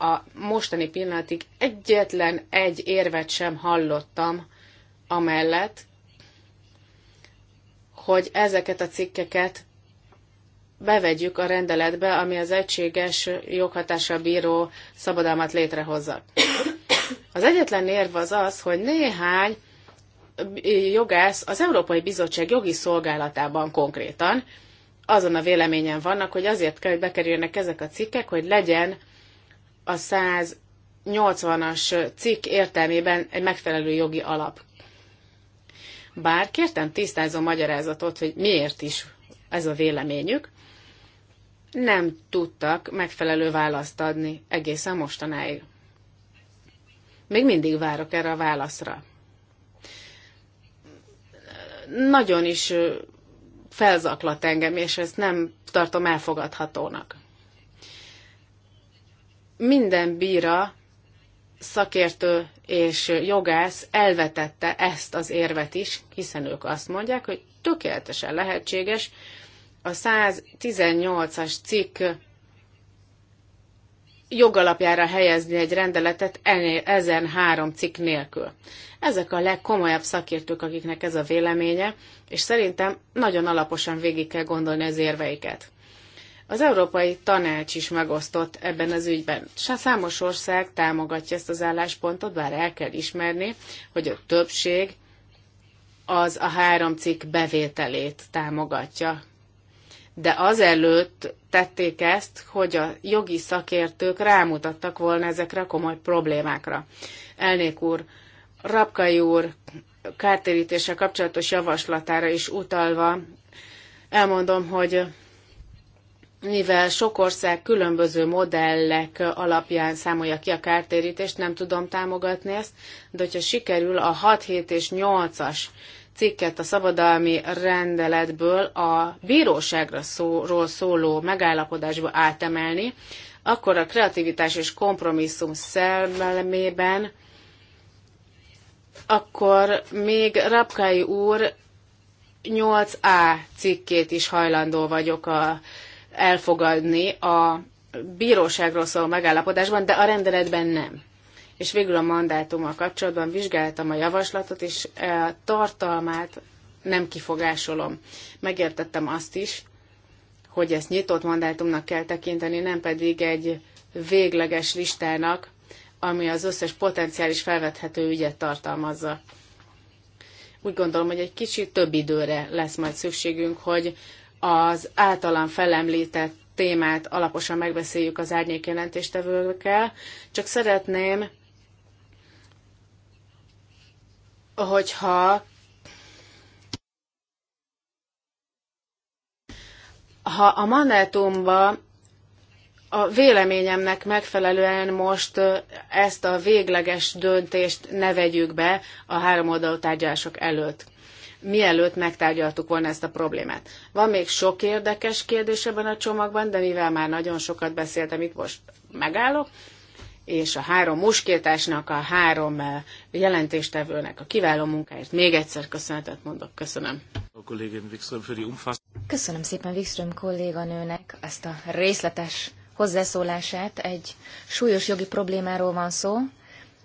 a mostani pillanatig egyetlen egy érvet sem hallottam amellett, hogy ezeket a cikkeket bevegyük a rendeletbe, ami az egységes joghatással bíró szabadalmat létrehozza. Az egyetlen érv az az, hogy néhány jogász az Európai Bizottság jogi szolgálatában konkrétan azon a véleményen vannak, hogy azért kell, hogy bekerüljenek ezek a cikkek, hogy legyen a 180-as cikk értelmében egy megfelelő jogi alap. Bár kértem tisztázó magyarázatot, hogy miért is ez a véleményük, nem tudtak megfelelő választ adni egészen mostanáig. Még mindig várok erre a válaszra. Nagyon is felzaklat engem, és ezt nem tartom elfogadhatónak minden bíra, szakértő és jogász elvetette ezt az érvet is, hiszen ők azt mondják, hogy tökéletesen lehetséges a 118-as cikk jogalapjára helyezni egy rendeletet ezen három cikk nélkül. Ezek a legkomolyabb szakértők, akiknek ez a véleménye, és szerintem nagyon alaposan végig kell gondolni az érveiket. Az Európai Tanács is megosztott ebben az ügyben. Számos ország támogatja ezt az álláspontot, bár el kell ismerni, hogy a többség az a három cikk bevételét támogatja. De azelőtt tették ezt, hogy a jogi szakértők rámutattak volna ezekre a komoly problémákra. Elnék úr, Rapkai úr kártérítése kapcsolatos javaslatára is utalva elmondom, hogy mivel sok ország különböző modellek alapján számolja ki a kártérítést, nem tudom támogatni ezt, de hogyha sikerül a 6, 7 és 8-as cikket a szabadalmi rendeletből a bíróságra szóról szóló megállapodásba átemelni, akkor a kreativitás és kompromisszum szellemében akkor még Rapkai úr 8A cikkét is hajlandó vagyok a elfogadni a bíróságról szóló megállapodásban, de a rendeletben nem. És végül a mandátummal kapcsolatban vizsgáltam a javaslatot, és e, a tartalmát nem kifogásolom. Megértettem azt is, hogy ezt nyitott mandátumnak kell tekinteni, nem pedig egy végleges listának, ami az összes potenciális felvethető ügyet tartalmazza. Úgy gondolom, hogy egy kicsit több időre lesz majd szükségünk, hogy az általán felemlített témát alaposan megbeszéljük az árnyék jelentéstevőkkel, csak szeretném, hogyha ha a manetumba a véleményemnek megfelelően most ezt a végleges döntést ne vegyük be a három oldalú tárgyalások előtt mielőtt megtárgyaltuk volna ezt a problémát. Van még sok érdekes kérdés ebben a csomagban, de mivel már nagyon sokat beszéltem, itt most megállok, és a három muskétásnak, a három eh, jelentéstevőnek a kiváló munkáért még egyszer köszönetet mondok. Köszönöm. Köszönöm szépen Wikström kolléganőnek ezt a részletes hozzászólását. Egy súlyos jogi problémáról van szó,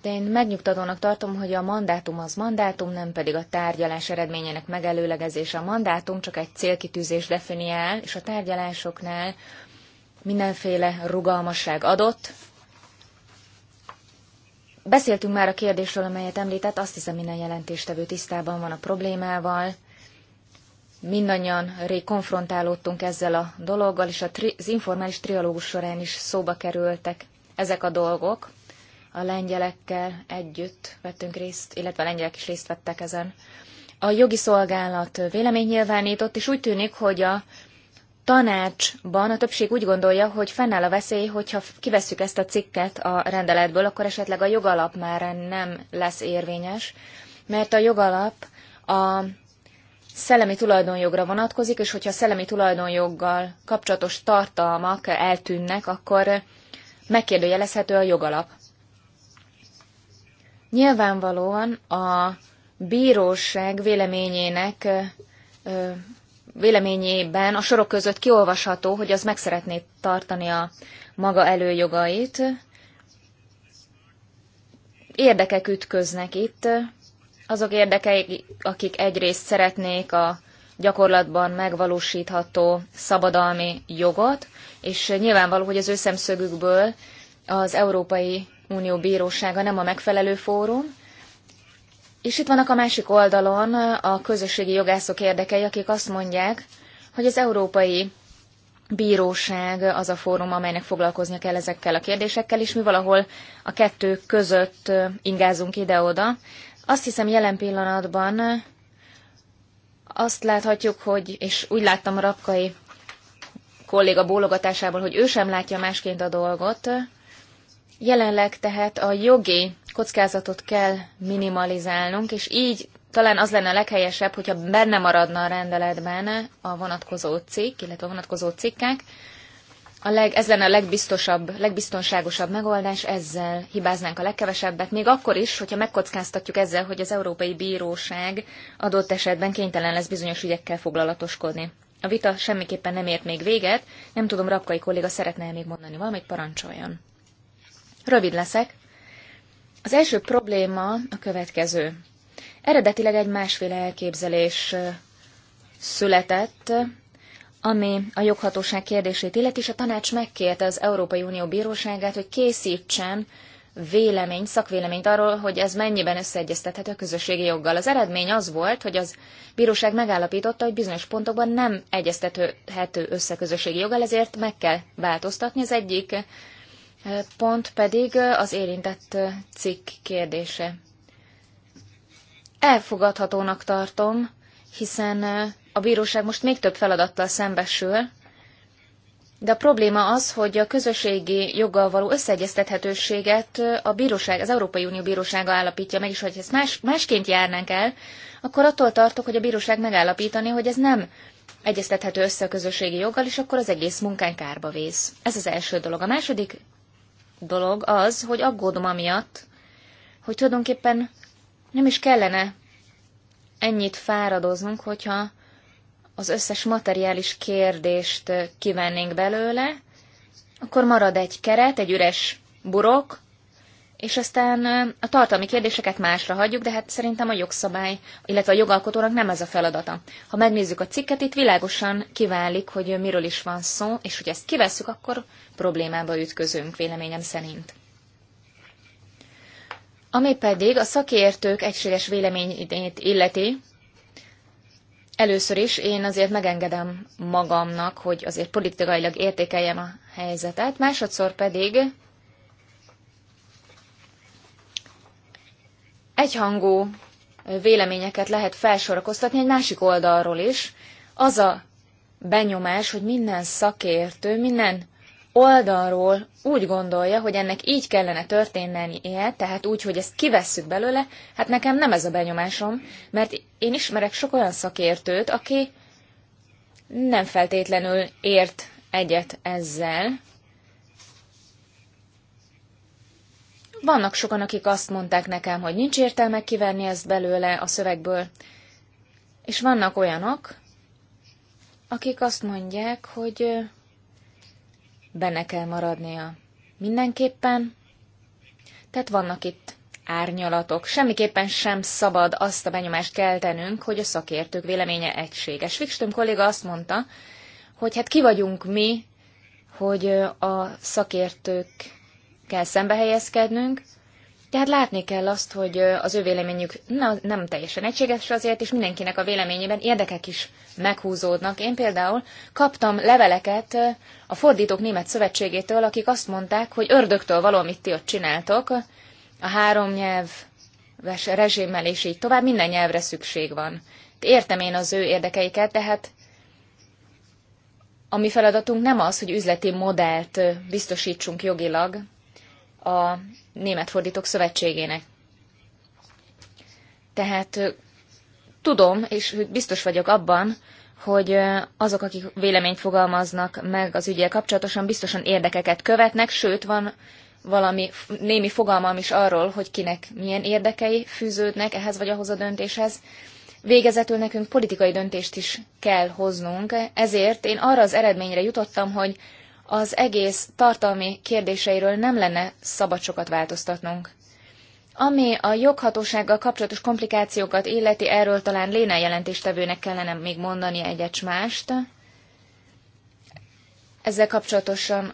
én megnyugtatónak tartom, hogy a mandátum az mandátum, nem pedig a tárgyalás eredményének megelőlegezése. A mandátum csak egy célkitűzés definiál, és a tárgyalásoknál mindenféle rugalmasság adott. Beszéltünk már a kérdésről, amelyet említett, azt hiszem minden jelentéstevő tisztában van a problémával. Mindannyian rég konfrontálódtunk ezzel a dologgal, és az informális trialógus során is szóba kerültek ezek a dolgok a lengyelekkel együtt vettünk részt, illetve a lengyelek is részt vettek ezen. A jogi szolgálat vélemény nyilvánított, és úgy tűnik, hogy a tanácsban a többség úgy gondolja, hogy fennáll a veszély, hogyha kivesszük ezt a cikket a rendeletből, akkor esetleg a jogalap már nem lesz érvényes, mert a jogalap a szellemi tulajdonjogra vonatkozik, és hogyha a szellemi tulajdonjoggal kapcsolatos tartalmak eltűnnek, akkor megkérdőjelezhető a jogalap. Nyilvánvalóan a bíróság véleményének véleményében a sorok között kiolvasható, hogy az meg szeretné tartani a maga előjogait. Érdekek ütköznek itt. Azok érdekei, akik egyrészt szeretnék a gyakorlatban megvalósítható szabadalmi jogot, és nyilvánvaló, hogy az ő szemszögükből az európai Unió Bírósága nem a megfelelő fórum, és itt vannak a másik oldalon a közösségi jogászok érdekei, akik azt mondják, hogy az Európai Bíróság az a fórum, amelynek foglalkoznia kell ezekkel a kérdésekkel, és mi valahol a kettő között ingázunk ide-oda. Azt hiszem jelen pillanatban azt láthatjuk, hogy, és úgy láttam a rapkai kolléga bólogatásából, hogy ő sem látja másként a dolgot, Jelenleg tehát a jogi kockázatot kell minimalizálnunk, és így talán az lenne a leghelyesebb, hogyha benne maradna a rendeletben a vonatkozó cikk, illetve a vonatkozó cikkek. A leg, ez lenne a legbiztosabb, legbiztonságosabb megoldás, ezzel hibáznánk a legkevesebbet, még akkor is, hogyha megkockáztatjuk ezzel, hogy az Európai Bíróság adott esetben kénytelen lesz bizonyos ügyekkel foglalatoskodni. A vita semmiképpen nem ért még véget, nem tudom, Rapkai kolléga szeretne -e még mondani valamit, parancsoljon. Rövid leszek. Az első probléma a következő. Eredetileg egy másféle elképzelés született, ami a joghatóság kérdését illeti, és a tanács megkérte az Európai Unió Bíróságát, hogy készítsen vélemény, szakvéleményt arról, hogy ez mennyiben összeegyeztethető a közösségi joggal. Az eredmény az volt, hogy az bíróság megállapította, hogy bizonyos pontokban nem egyeztethető össze közösségi joggal, ezért meg kell változtatni. Az egyik pont pedig az érintett cikk kérdése. Elfogadhatónak tartom, hiszen a bíróság most még több feladattal szembesül, de a probléma az, hogy a közösségi joggal való összeegyeztethetőséget a bíróság, az Európai Unió bírósága állapítja meg, és hogyha ezt más, másként járnánk el, akkor attól tartok, hogy a bíróság megállapítani, hogy ez nem egyeztethető össze a közösségi joggal, és akkor az egész munkánk kárba vész. Ez az első dolog. A második dolog az, hogy aggódom amiatt, hogy tulajdonképpen nem is kellene ennyit fáradoznunk, hogyha az összes materiális kérdést kivennénk belőle, akkor marad egy keret, egy üres burok, és aztán a tartalmi kérdéseket másra hagyjuk, de hát szerintem a jogszabály, illetve a jogalkotónak nem ez a feladata. Ha megnézzük a cikket, itt világosan kiválik, hogy miről is van szó, és hogy ezt kivesszük, akkor problémába ütközünk, véleményem szerint. Ami pedig a szakértők egységes véleményét illeti, először is én azért megengedem magamnak, hogy azért politikailag értékeljem a helyzetet, másodszor pedig egyhangú véleményeket lehet felsorakoztatni egy másik oldalról is. Az a benyomás, hogy minden szakértő, minden oldalról úgy gondolja, hogy ennek így kellene történnie, tehát úgy, hogy ezt kivesszük belőle, hát nekem nem ez a benyomásom, mert én ismerek sok olyan szakértőt, aki nem feltétlenül ért egyet ezzel, Vannak sokan, akik azt mondták nekem, hogy nincs értelme kiverni ezt belőle a szövegből, és vannak olyanok, akik azt mondják, hogy benne kell maradnia. Mindenképpen. Tehát vannak itt árnyalatok. Semmiképpen sem szabad azt a benyomást keltenünk, hogy a szakértők véleménye egységes. Fikstöm kolléga azt mondta, hogy hát ki vagyunk mi, hogy a szakértők kell szembe helyezkednünk, tehát látni kell azt, hogy az ő véleményük nem teljesen egységes azért, és mindenkinek a véleményében érdekek is meghúzódnak. Én például kaptam leveleket a Fordítók Német Szövetségétől, akik azt mondták, hogy ördögtől valamit ti ott csináltok, a három nyelv rezsimmel és így tovább minden nyelvre szükség van. Értem én az ő érdekeiket, tehát a mi feladatunk nem az, hogy üzleti modellt biztosítsunk jogilag, a Német Fordítók Szövetségének. Tehát tudom, és biztos vagyok abban, hogy azok, akik véleményt fogalmaznak meg az ügyel kapcsolatosan, biztosan érdekeket követnek, sőt, van valami némi fogalmam is arról, hogy kinek milyen érdekei fűződnek ehhez vagy ahhoz a döntéshez. Végezetül nekünk politikai döntést is kell hoznunk, ezért én arra az eredményre jutottam, hogy az egész tartalmi kérdéseiről nem lenne szabad sokat változtatnunk. Ami a joghatósággal kapcsolatos komplikációkat illeti, erről talán Léna jelentéstevőnek kellene még mondani egyet mást. Ezzel kapcsolatosan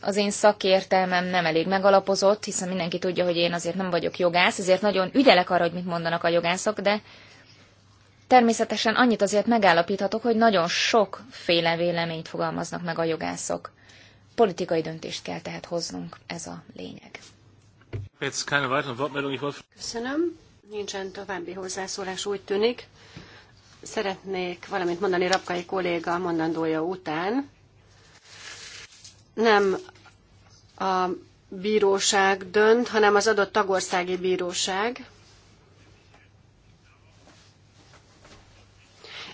az én szakértelmem nem elég megalapozott, hiszen mindenki tudja, hogy én azért nem vagyok jogász, ezért nagyon ügyelek arra, hogy mit mondanak a jogászok, de Természetesen annyit azért megállapíthatok, hogy nagyon sokféle véleményt fogalmaznak meg a jogászok. Politikai döntést kell tehát hoznunk, ez a lényeg. Köszönöm. Nincsen további hozzászólás, úgy tűnik. Szeretnék valamit mondani Rabkai kolléga mondandója után. Nem a bíróság dönt, hanem az adott tagországi bíróság.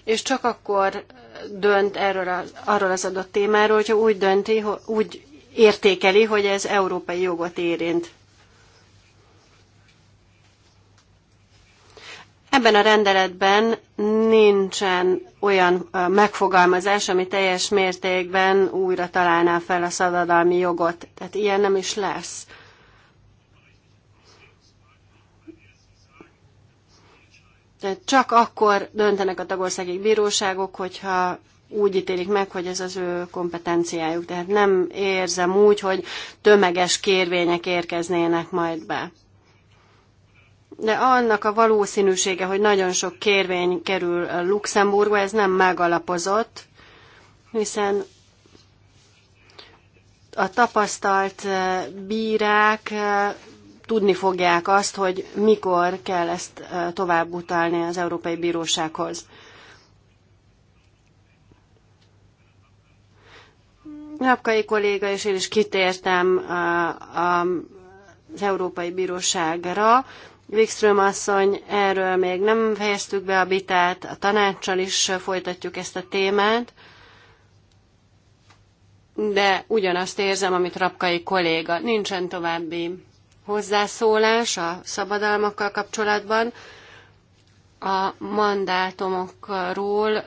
és csak akkor dönt erről a, arról az adott témáról, hogyha úgy dönti, úgy értékeli, hogy ez európai jogot érint. Ebben a rendeletben nincsen olyan megfogalmazás, ami teljes mértékben újra találná fel a szabadalmi jogot. Tehát ilyen nem is lesz. Csak akkor döntenek a tagországi bíróságok, hogyha úgy ítélik meg, hogy ez az ő kompetenciájuk. Tehát nem érzem úgy, hogy tömeges kérvények érkeznének majd be. De annak a valószínűsége, hogy nagyon sok kérvény kerül Luxemburgba, ez nem megalapozott, hiszen a tapasztalt eh, bírák eh, tudni fogják azt, hogy mikor kell ezt tovább utálni az Európai Bírósághoz. Napkai kolléga és én is kitértem az Európai Bíróságra. Wikström asszony, erről még nem fejeztük be a vitát, a tanácssal is folytatjuk ezt a témát, de ugyanazt érzem, amit Rapkai kolléga. Nincsen további hozzászólás a szabadalmakkal kapcsolatban. A mandátumokról uh,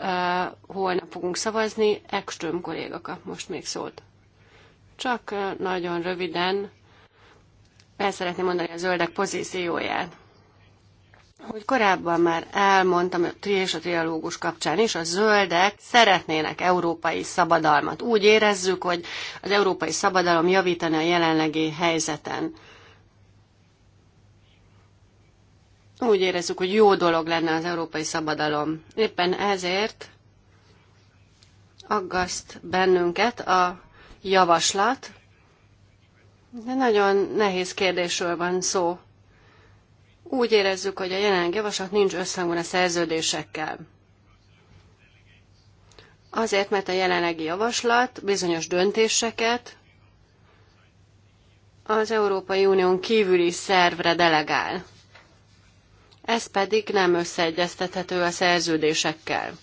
holnap fogunk szavazni. Ekström kolléga kap most még szót. Csak uh, nagyon röviden el szeretném mondani a zöldek pozícióját. Hogy korábban már elmondtam a tri és a trialógus kapcsán is, a zöldek szeretnének európai szabadalmat. Úgy érezzük, hogy az európai szabadalom javítana a jelenlegi helyzeten. úgy érezzük, hogy jó dolog lenne az európai szabadalom. Éppen ezért aggaszt bennünket a javaslat, de nagyon nehéz kérdésről van szó. Úgy érezzük, hogy a jelenleg javaslat nincs összhangban a szerződésekkel. Azért, mert a jelenlegi javaslat bizonyos döntéseket az Európai Unión kívüli szervre delegál ez pedig nem összeegyeztethető a szerződésekkel.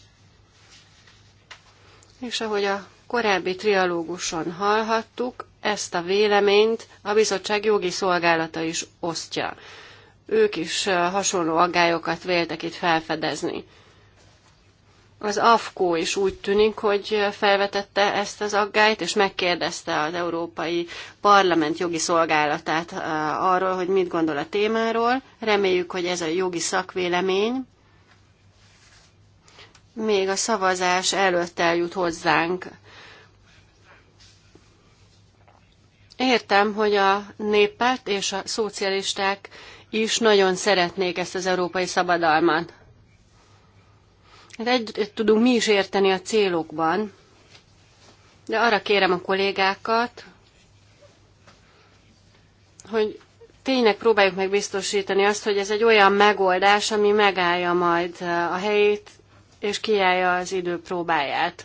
És ahogy a korábbi trialóguson hallhattuk, ezt a véleményt a bizottság jogi szolgálata is osztja. Ők is hasonló aggályokat véltek itt felfedezni. Az AFKO is úgy tűnik, hogy felvetette ezt az aggályt, és megkérdezte az Európai Parlament jogi szolgálatát eh, arról, hogy mit gondol a témáról. Reméljük, hogy ez a jogi szakvélemény még a szavazás előtt eljut hozzánk. Értem, hogy a néppárt és a szocialisták is nagyon szeretnék ezt az európai szabadalmat. Hát egyet tudunk mi is érteni a célokban, de arra kérem a kollégákat, hogy tényleg próbáljuk meg biztosítani azt, hogy ez egy olyan megoldás, ami megállja majd eh, a helyét, és kiállja az idő próbáját.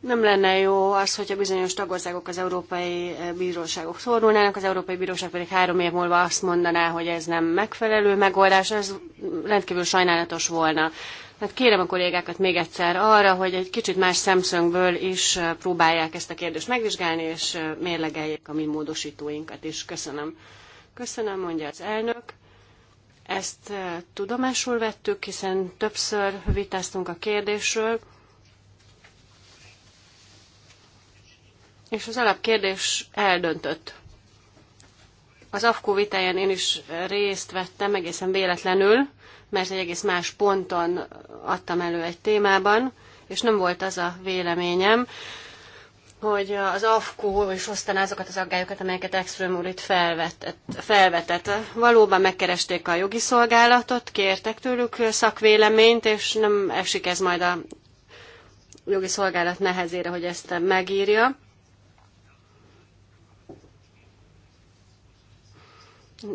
Nem lenne jó az, hogyha bizonyos tagországok az Európai eh, Bíróságok szorulnának, az Európai Bíróság pedig három év múlva azt mondaná, hogy ez nem megfelelő megoldás, ez rendkívül sajnálatos volna. Hát kérem a kollégákat még egyszer arra, hogy egy kicsit más szemszögből is próbálják ezt a kérdést megvizsgálni, és mérlegeljék a mi módosítóinkat is. Köszönöm. Köszönöm, mondja az elnök. Ezt tudomásul vettük, hiszen többször vitáztunk a kérdésről. És az alapkérdés eldöntött. Az AFKO vitáján én is részt vettem egészen véletlenül, mert egy egész más ponton adtam elő egy témában, és nem volt az a véleményem, hogy az AFKO és osztaná azokat az aggályokat, amelyeket Extrém úr itt felvetett, felvetett. Valóban megkeresték a jogi szolgálatot, kértek tőlük szakvéleményt, és nem esik ez majd a jogi szolgálat nehezére, hogy ezt megírja.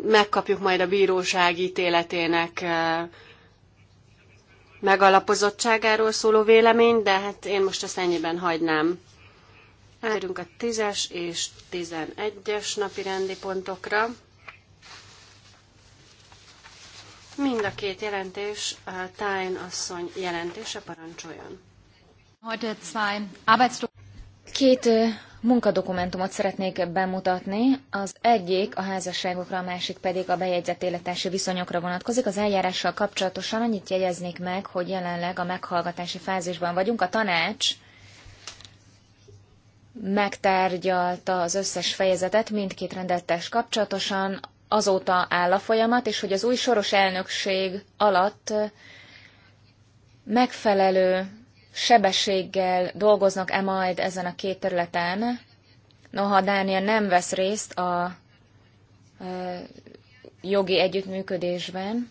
megkapjuk majd a bíróság ítéletének megalapozottságáról szóló vélemény, de hát én most ezt ennyiben hagynám. Elérünk a 10-es és 11-es napi rendi pontokra. Mind a két jelentés, a Tájn asszony jelentése parancsoljon. Heute zwei Arbeitsdokumente. Két munkadokumentumot szeretnék bemutatni. Az egyik a házasságokra, a másik pedig a bejegyzett életási viszonyokra vonatkozik. Az eljárással kapcsolatosan annyit jegyeznék meg, hogy jelenleg a meghallgatási fázisban vagyunk. A tanács megtárgyalta az összes fejezetet mindkét rendeltes kapcsolatosan, azóta áll a folyamat, és hogy az új soros elnökség alatt megfelelő sebességgel dolgoznak-e majd ezen a két területen. Noha Dánia nem vesz részt a jogi együttműködésben,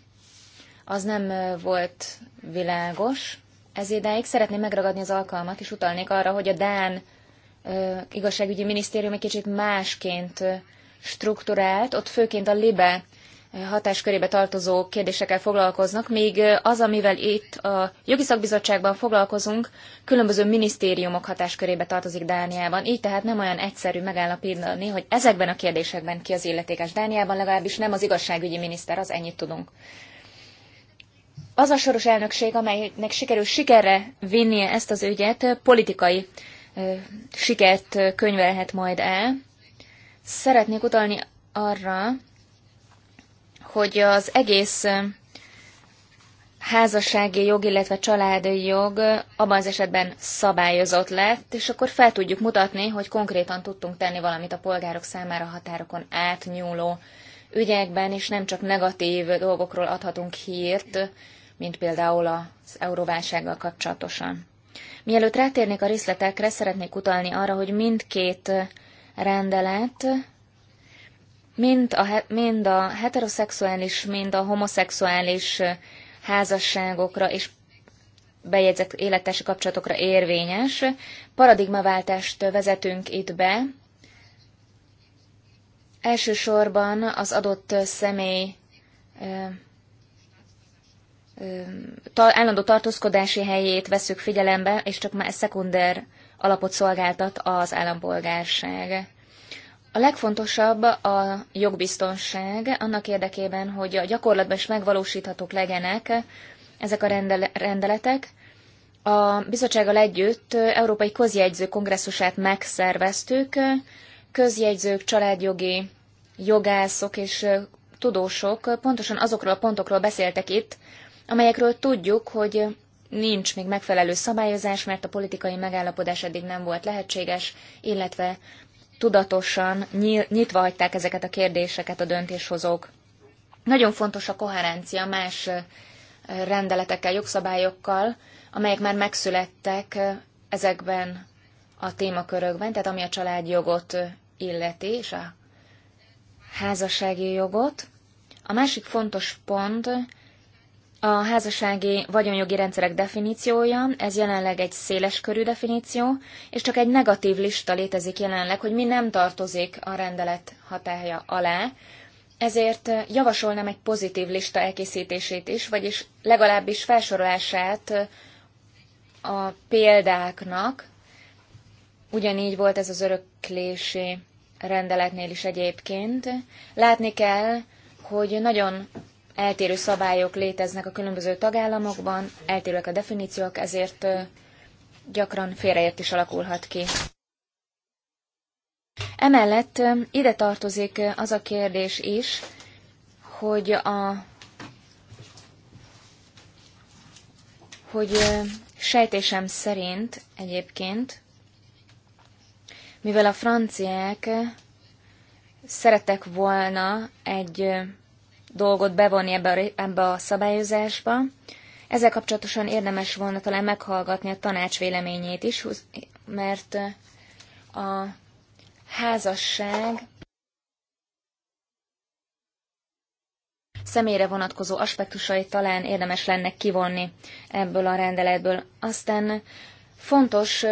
az nem volt világos. Ez idáig szeretném megragadni az alkalmat, és utalnék arra, hogy a Dán igazságügyi minisztérium egy kicsit másként strukturált, ott főként a LIBE hatáskörébe tartozó kérdésekkel foglalkoznak, még az, amivel itt a jogi szakbizottságban foglalkozunk, különböző minisztériumok hatáskörébe tartozik Dániában. Így tehát nem olyan egyszerű megállapítani, hogy ezekben a kérdésekben ki az illetékes Dániában, legalábbis nem az igazságügyi miniszter, az ennyit tudunk. Az a soros elnökség, amelynek sikerül sikerre vinnie ezt az ügyet, politikai sikert könyvelhet majd el. Szeretnék utalni arra, hogy az egész házassági jog, illetve családi jog abban az esetben szabályozott lett, és akkor fel tudjuk mutatni, hogy konkrétan tudtunk tenni valamit a polgárok számára határokon átnyúló ügyekben, és nem csak negatív dolgokról adhatunk hírt, mint például az euróválsággal kapcsolatosan. Mielőtt rátérnék a részletekre, szeretnék utalni arra, hogy mindkét rendelet mind a, mind a heteroszexuális, mind a homoszexuális házasságokra és bejegyzett élettársi kapcsolatokra érvényes. Paradigmaváltást vezetünk itt be. Elsősorban az adott személy állandó tartózkodási helyét veszük figyelembe, és csak már szekunder alapot szolgáltat az állampolgárság. A legfontosabb a jogbiztonság annak érdekében, hogy a gyakorlatban is megvalósíthatók legyenek ezek a rendeletek. A bizottsággal együtt Európai Közjegyző Kongresszusát megszerveztük. Közjegyzők, családjogi jogászok és tudósok pontosan azokról a pontokról beszéltek itt, amelyekről tudjuk, hogy nincs még megfelelő szabályozás, mert a politikai megállapodás eddig nem volt lehetséges, illetve tudatosan nyitva hagyták ezeket a kérdéseket a döntéshozók. Nagyon fontos a koherencia más rendeletekkel, jogszabályokkal, amelyek már megszülettek ezekben a témakörökben, tehát ami a családjogot illeti, és a házassági jogot. A másik fontos pont a házassági vagyonjogi rendszerek definíciója, ez jelenleg egy széles körű definíció, és csak egy negatív lista létezik jelenleg, hogy mi nem tartozik a rendelet hatája alá, ezért javasolnám egy pozitív lista elkészítését is, vagyis legalábbis felsorolását a példáknak, ugyanígy volt ez az öröklési rendeletnél is egyébként. Látni kell, hogy nagyon eltérő szabályok léteznek a különböző tagállamokban, eltérőek a definíciók, ezért gyakran félreért is alakulhat ki. Emellett ide tartozik az a kérdés is, hogy a hogy sejtésem szerint egyébként, mivel a franciák szerettek volna egy dolgot bevonni ebbe a, ebbe a szabályozásba. Ezzel kapcsolatosan érdemes volna talán meghallgatni a tanács véleményét is, mert a házasság személyre vonatkozó aspektusai talán érdemes lenne kivonni ebből a rendeletből. Aztán fontos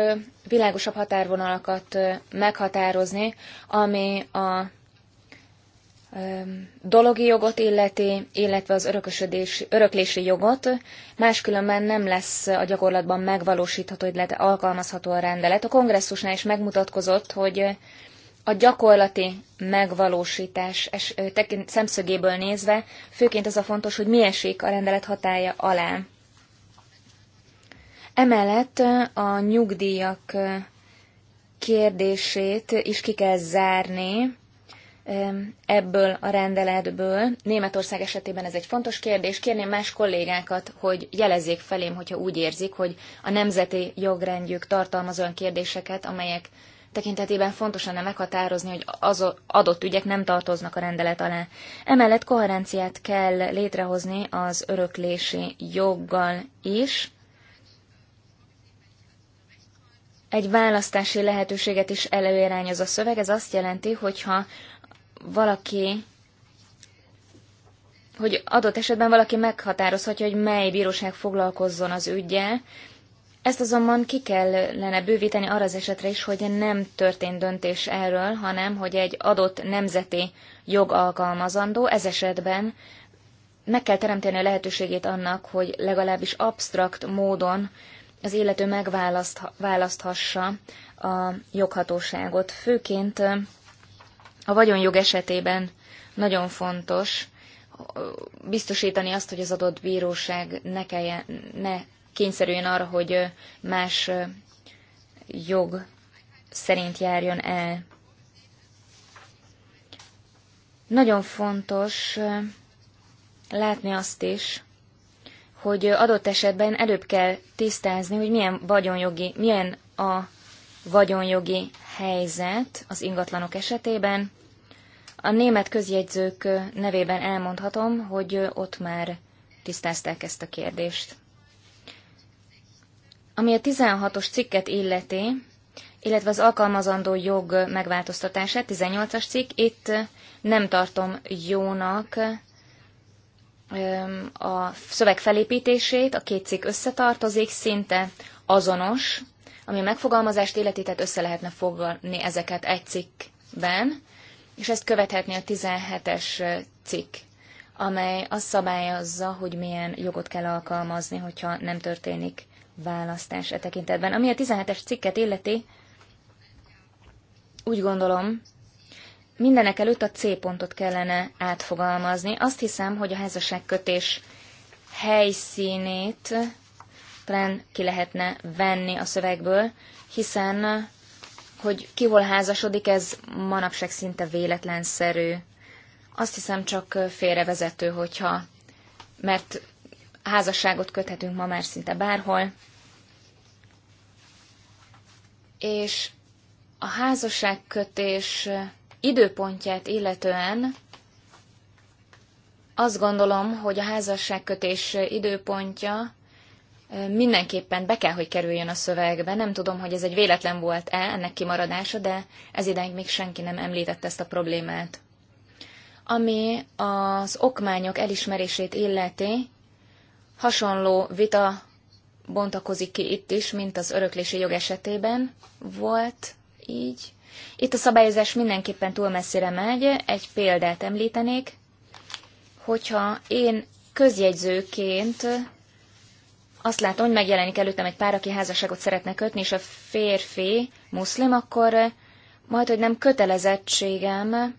világosabb határvonalakat meghatározni, ami a dologi jogot illeti, illetve az örökösödési, öröklési jogot, máskülönben nem lesz a gyakorlatban megvalósítható, illetve alkalmazható a rendelet. A kongresszusnál is megmutatkozott, hogy a gyakorlati megvalósítás szemszögéből nézve főként az a fontos, hogy mi esik a rendelet hatája alá. Emellett a nyugdíjak kérdését is ki kell zárni, ebből a rendeletből. Németország esetében ez egy fontos kérdés. Kérném más kollégákat, hogy jelezzék felém, hogyha úgy érzik, hogy a nemzeti jogrendjük tartalmaz olyan kérdéseket, amelyek tekintetében fontos lenne meghatározni, hogy az adott ügyek nem tartoznak a rendelet alá. Emellett koherenciát kell létrehozni az öröklési joggal is. Egy választási lehetőséget is előirányoz a szöveg, ez azt jelenti, hogyha valaki, hogy adott esetben valaki meghatározhatja, hogy mely bíróság foglalkozzon az ügyel, ezt azonban ki kellene bővíteni arra az esetre is, hogy nem történt döntés erről, hanem hogy egy adott nemzeti jog alkalmazandó, ez esetben meg kell teremteni a lehetőségét annak, hogy legalábbis absztrakt módon az illető megválaszthassa a joghatóságot. Főként a vagyonjog esetében nagyon fontos biztosítani azt, hogy az adott bíróság ne, kelljen, ne kényszerüljön arra, hogy más jog szerint járjon el. Nagyon fontos látni azt is, hogy adott esetben előbb kell tisztázni, hogy milyen vagyonjogi, milyen a vagyonjogi helyzet az ingatlanok esetében. A német közjegyzők nevében elmondhatom, hogy ott már tisztázták ezt a kérdést. Ami a 16-os cikket illeti, illetve az alkalmazandó jog megváltoztatását, 18-as cikk, itt nem tartom jónak a szöveg felépítését, a két cikk összetartozik, szinte azonos, ami megfogalmazást életi, tehát össze lehetne foglalni ezeket egy cikkben, és ezt követhetné a 17-es cikk, amely azt szabályozza, hogy milyen jogot kell alkalmazni, hogyha nem történik választás e tekintetben. Ami a 17-es cikket illeti, úgy gondolom, mindenek előtt a C pontot kellene átfogalmazni. Azt hiszem, hogy a házasságkötés helyszínét talán ki lehetne venni a szövegből, hiszen hogy ki hol házasodik, ez manapság szinte véletlenszerű. Azt hiszem csak félrevezető, hogyha, mert házasságot köthetünk ma már szinte bárhol, és a házasságkötés időpontját illetően azt gondolom, hogy a házasságkötés időpontja mindenképpen be kell, hogy kerüljön a szövegbe. Nem tudom, hogy ez egy véletlen volt-e, ennek kimaradása, de ez ideig még senki nem említette ezt a problémát. Ami az okmányok elismerését illeti, hasonló vita bontakozik ki itt is, mint az öröklési jog esetében volt így. Itt a szabályozás mindenképpen túl messzire megy. Egy példát említenék, hogyha én közjegyzőként azt látom, hogy megjelenik előttem egy pár, aki házasságot szeretne kötni, és a férfi muszlim, akkor eh, majd, hogy nem kötelezettségem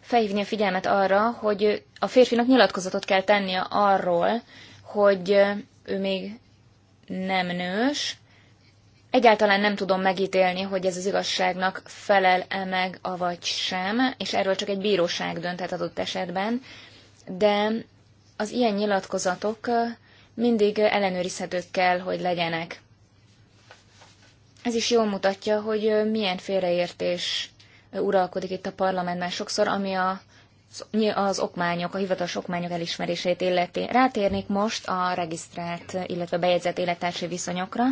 felhívni a figyelmet arra, hogy a férfinak nyilatkozatot kell tennie arról, hogy eh, ő még nem nős. Egyáltalán nem tudom megítélni, hogy ez az igazságnak felel-e meg, avagy sem, és erről csak egy bíróság dönthet adott esetben, de az ilyen nyilatkozatok eh, mindig ellenőrizhetők kell, hogy legyenek. Ez is jól mutatja, hogy milyen félreértés uralkodik itt a parlamentben sokszor, ami a, az okmányok, a hivatalos okmányok elismerését illeti. Rátérnék most a regisztrált, illetve bejegyzett élettársi viszonyokra.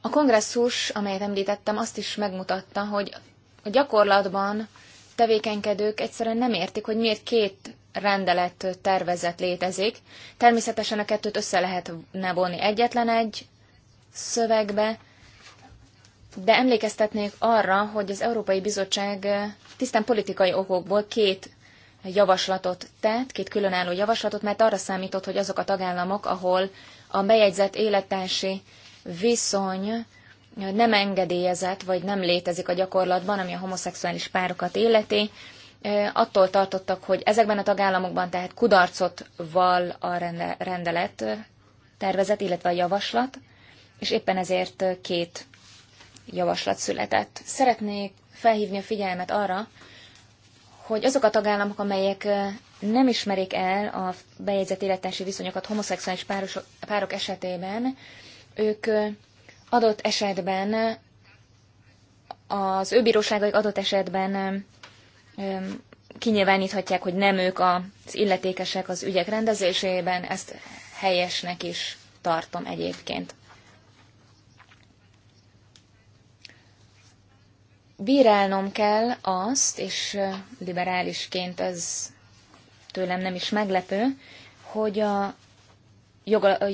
A kongresszus, amelyet említettem, azt is megmutatta, hogy a gyakorlatban tevékenykedők egyszerűen nem értik, hogy miért két rendelet tervezet létezik. Természetesen a kettőt össze lehetne vonni egyetlen egy szövegbe, de emlékeztetnék arra, hogy az Európai Bizottság tisztán politikai okokból két javaslatot tett, két különálló javaslatot, mert arra számított, hogy azok a tagállamok, ahol a bejegyzett élettársi viszony nem engedélyezett, vagy nem létezik a gyakorlatban, ami a homoszexuális párokat életi, attól tartottak, hogy ezekben a tagállamokban tehát kudarcot vall a rendelet tervezet, illetve a javaslat, és éppen ezért két javaslat született. Szeretnék felhívni a figyelmet arra, hogy azok a tagállamok, amelyek nem ismerik el a bejegyzett élettársi viszonyokat homoszexuális párok esetében, ők adott esetben, az ő bíróságaik adott esetben kinyilváníthatják, hogy nem ők az illetékesek az ügyek rendezésében, ezt helyesnek is tartom egyébként. Bírálnom kell azt, és liberálisként ez tőlem nem is meglepő, hogy a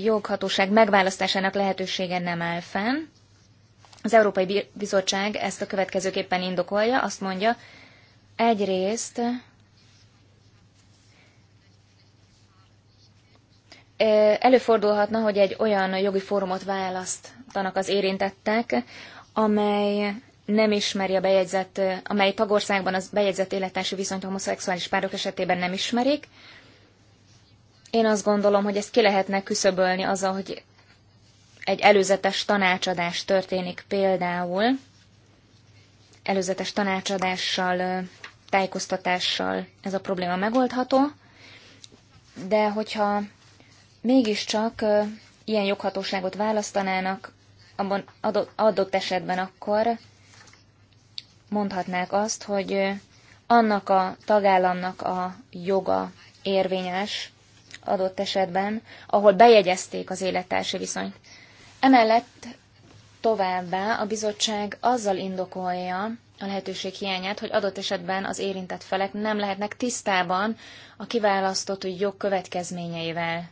joghatóság megválasztásának lehetősége nem áll fenn. Az Európai Bizottság ezt a következőképpen indokolja, azt mondja, Egyrészt előfordulhatna, hogy egy olyan jogi fórumot választanak az érintettek, amely nem ismeri a bejegyzett, amely tagországban az bejegyzett élettársi viszonyt homoszexuális párok esetében nem ismerik. Én azt gondolom, hogy ezt ki lehetne küszöbölni azzal, hogy egy előzetes tanácsadás történik például, előzetes tanácsadással, tájékoztatással ez a probléma megoldható, de hogyha mégiscsak ilyen joghatóságot választanának, abban adott esetben akkor mondhatnák azt, hogy annak a tagállamnak a joga érvényes adott esetben, ahol bejegyezték az élettársi viszonyt. Emellett Továbbá a bizottság azzal indokolja a lehetőség hiányát, hogy adott esetben az érintett felek nem lehetnek tisztában a kiválasztott jog következményeivel.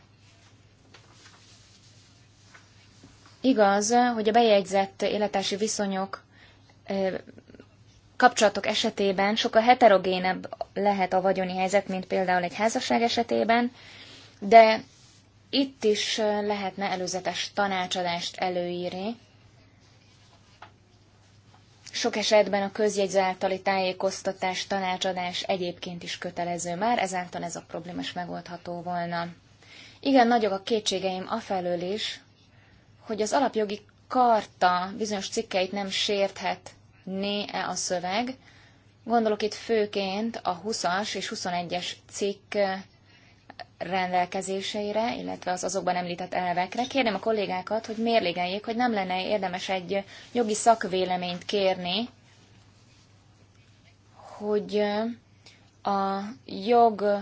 Igaz, hogy a bejegyzett életási viszonyok kapcsolatok esetében sokkal heterogénebb lehet a vagyoni helyzet, mint például egy házasság esetében, de itt is lehetne előzetes tanácsadást előírni, sok esetben a közjegyző általi tájékoztatás, tanácsadás egyébként is kötelező már, ezáltal ez a probléma is megoldható volna. Igen, nagyok a kétségeim afelől is, hogy az alapjogi karta bizonyos cikkeit nem sérthet né e a szöveg. Gondolok itt főként a 20-as és 21-es cikk rendelkezéseire, illetve az azokban említett elvekre. Kérném a kollégákat, hogy mérlégeljék, hogy nem lenne érdemes egy jogi szakvéleményt kérni, hogy a jog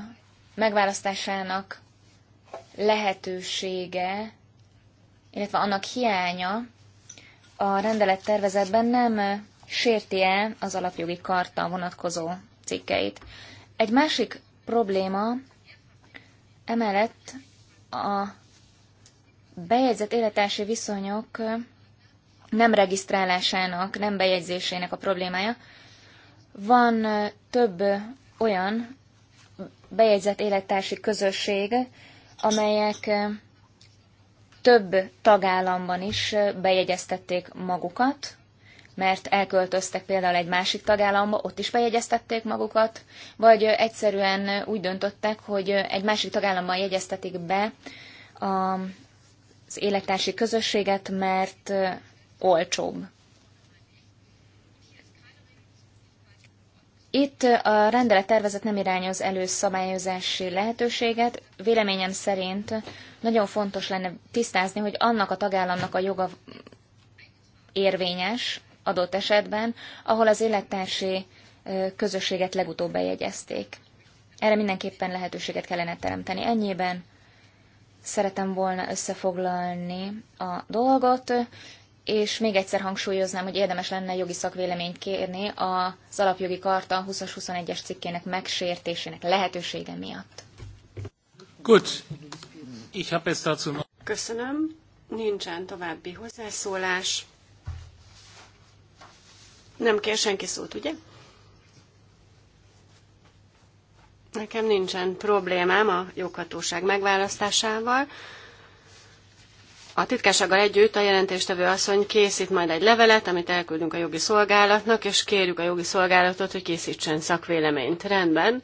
megválasztásának lehetősége, illetve annak hiánya a rendelet tervezetben nem sérti e az alapjogi karta vonatkozó cikkeit. Egy másik probléma Emellett a bejegyzett életási viszonyok nem regisztrálásának, nem bejegyzésének a problémája. Van több olyan bejegyzett élettársi közösség, amelyek több tagállamban is bejegyeztették magukat, mert elköltöztek például egy másik tagállamba, ott is bejegyeztették magukat, vagy egyszerűen úgy döntöttek, hogy egy másik tagállamban jegyeztetik be az élettársi közösséget, mert olcsóbb. Itt a tervezet nem irányoz elő szabályozási lehetőséget. Véleményem szerint nagyon fontos lenne tisztázni, hogy annak a tagállamnak a joga érvényes, adott esetben, ahol az élettársi közösséget legutóbb bejegyezték. Erre mindenképpen lehetőséget kellene teremteni. Ennyiben szeretem volna összefoglalni a dolgot, és még egyszer hangsúlyoznám, hogy érdemes lenne jogi szakvéleményt kérni az alapjogi karta 20-as 21-es cikkének megsértésének lehetősége miatt. Gut. Ich habe jetzt dazu Köszönöm. Nincsen további hozzászólás. Nem kér senki szót, ugye? Nekem nincsen problémám a joghatóság megválasztásával. A titkársággal együtt a jelentéstevő asszony készít majd egy levelet, amit elküldünk a jogi szolgálatnak, és kérjük a jogi szolgálatot, hogy készítsen szakvéleményt. Rendben.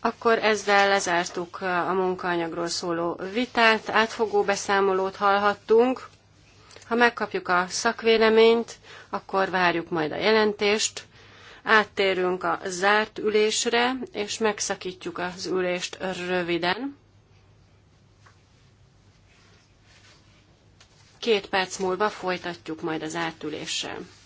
Akkor ezzel lezártuk a munkaanyagról szóló vitát, átfogó beszámolót hallhattunk. Ha megkapjuk a szakvéleményt, akkor várjuk majd a jelentést. Áttérünk a zárt ülésre, és megszakítjuk az ülést röviden. Két perc múlva folytatjuk majd az átüléssel.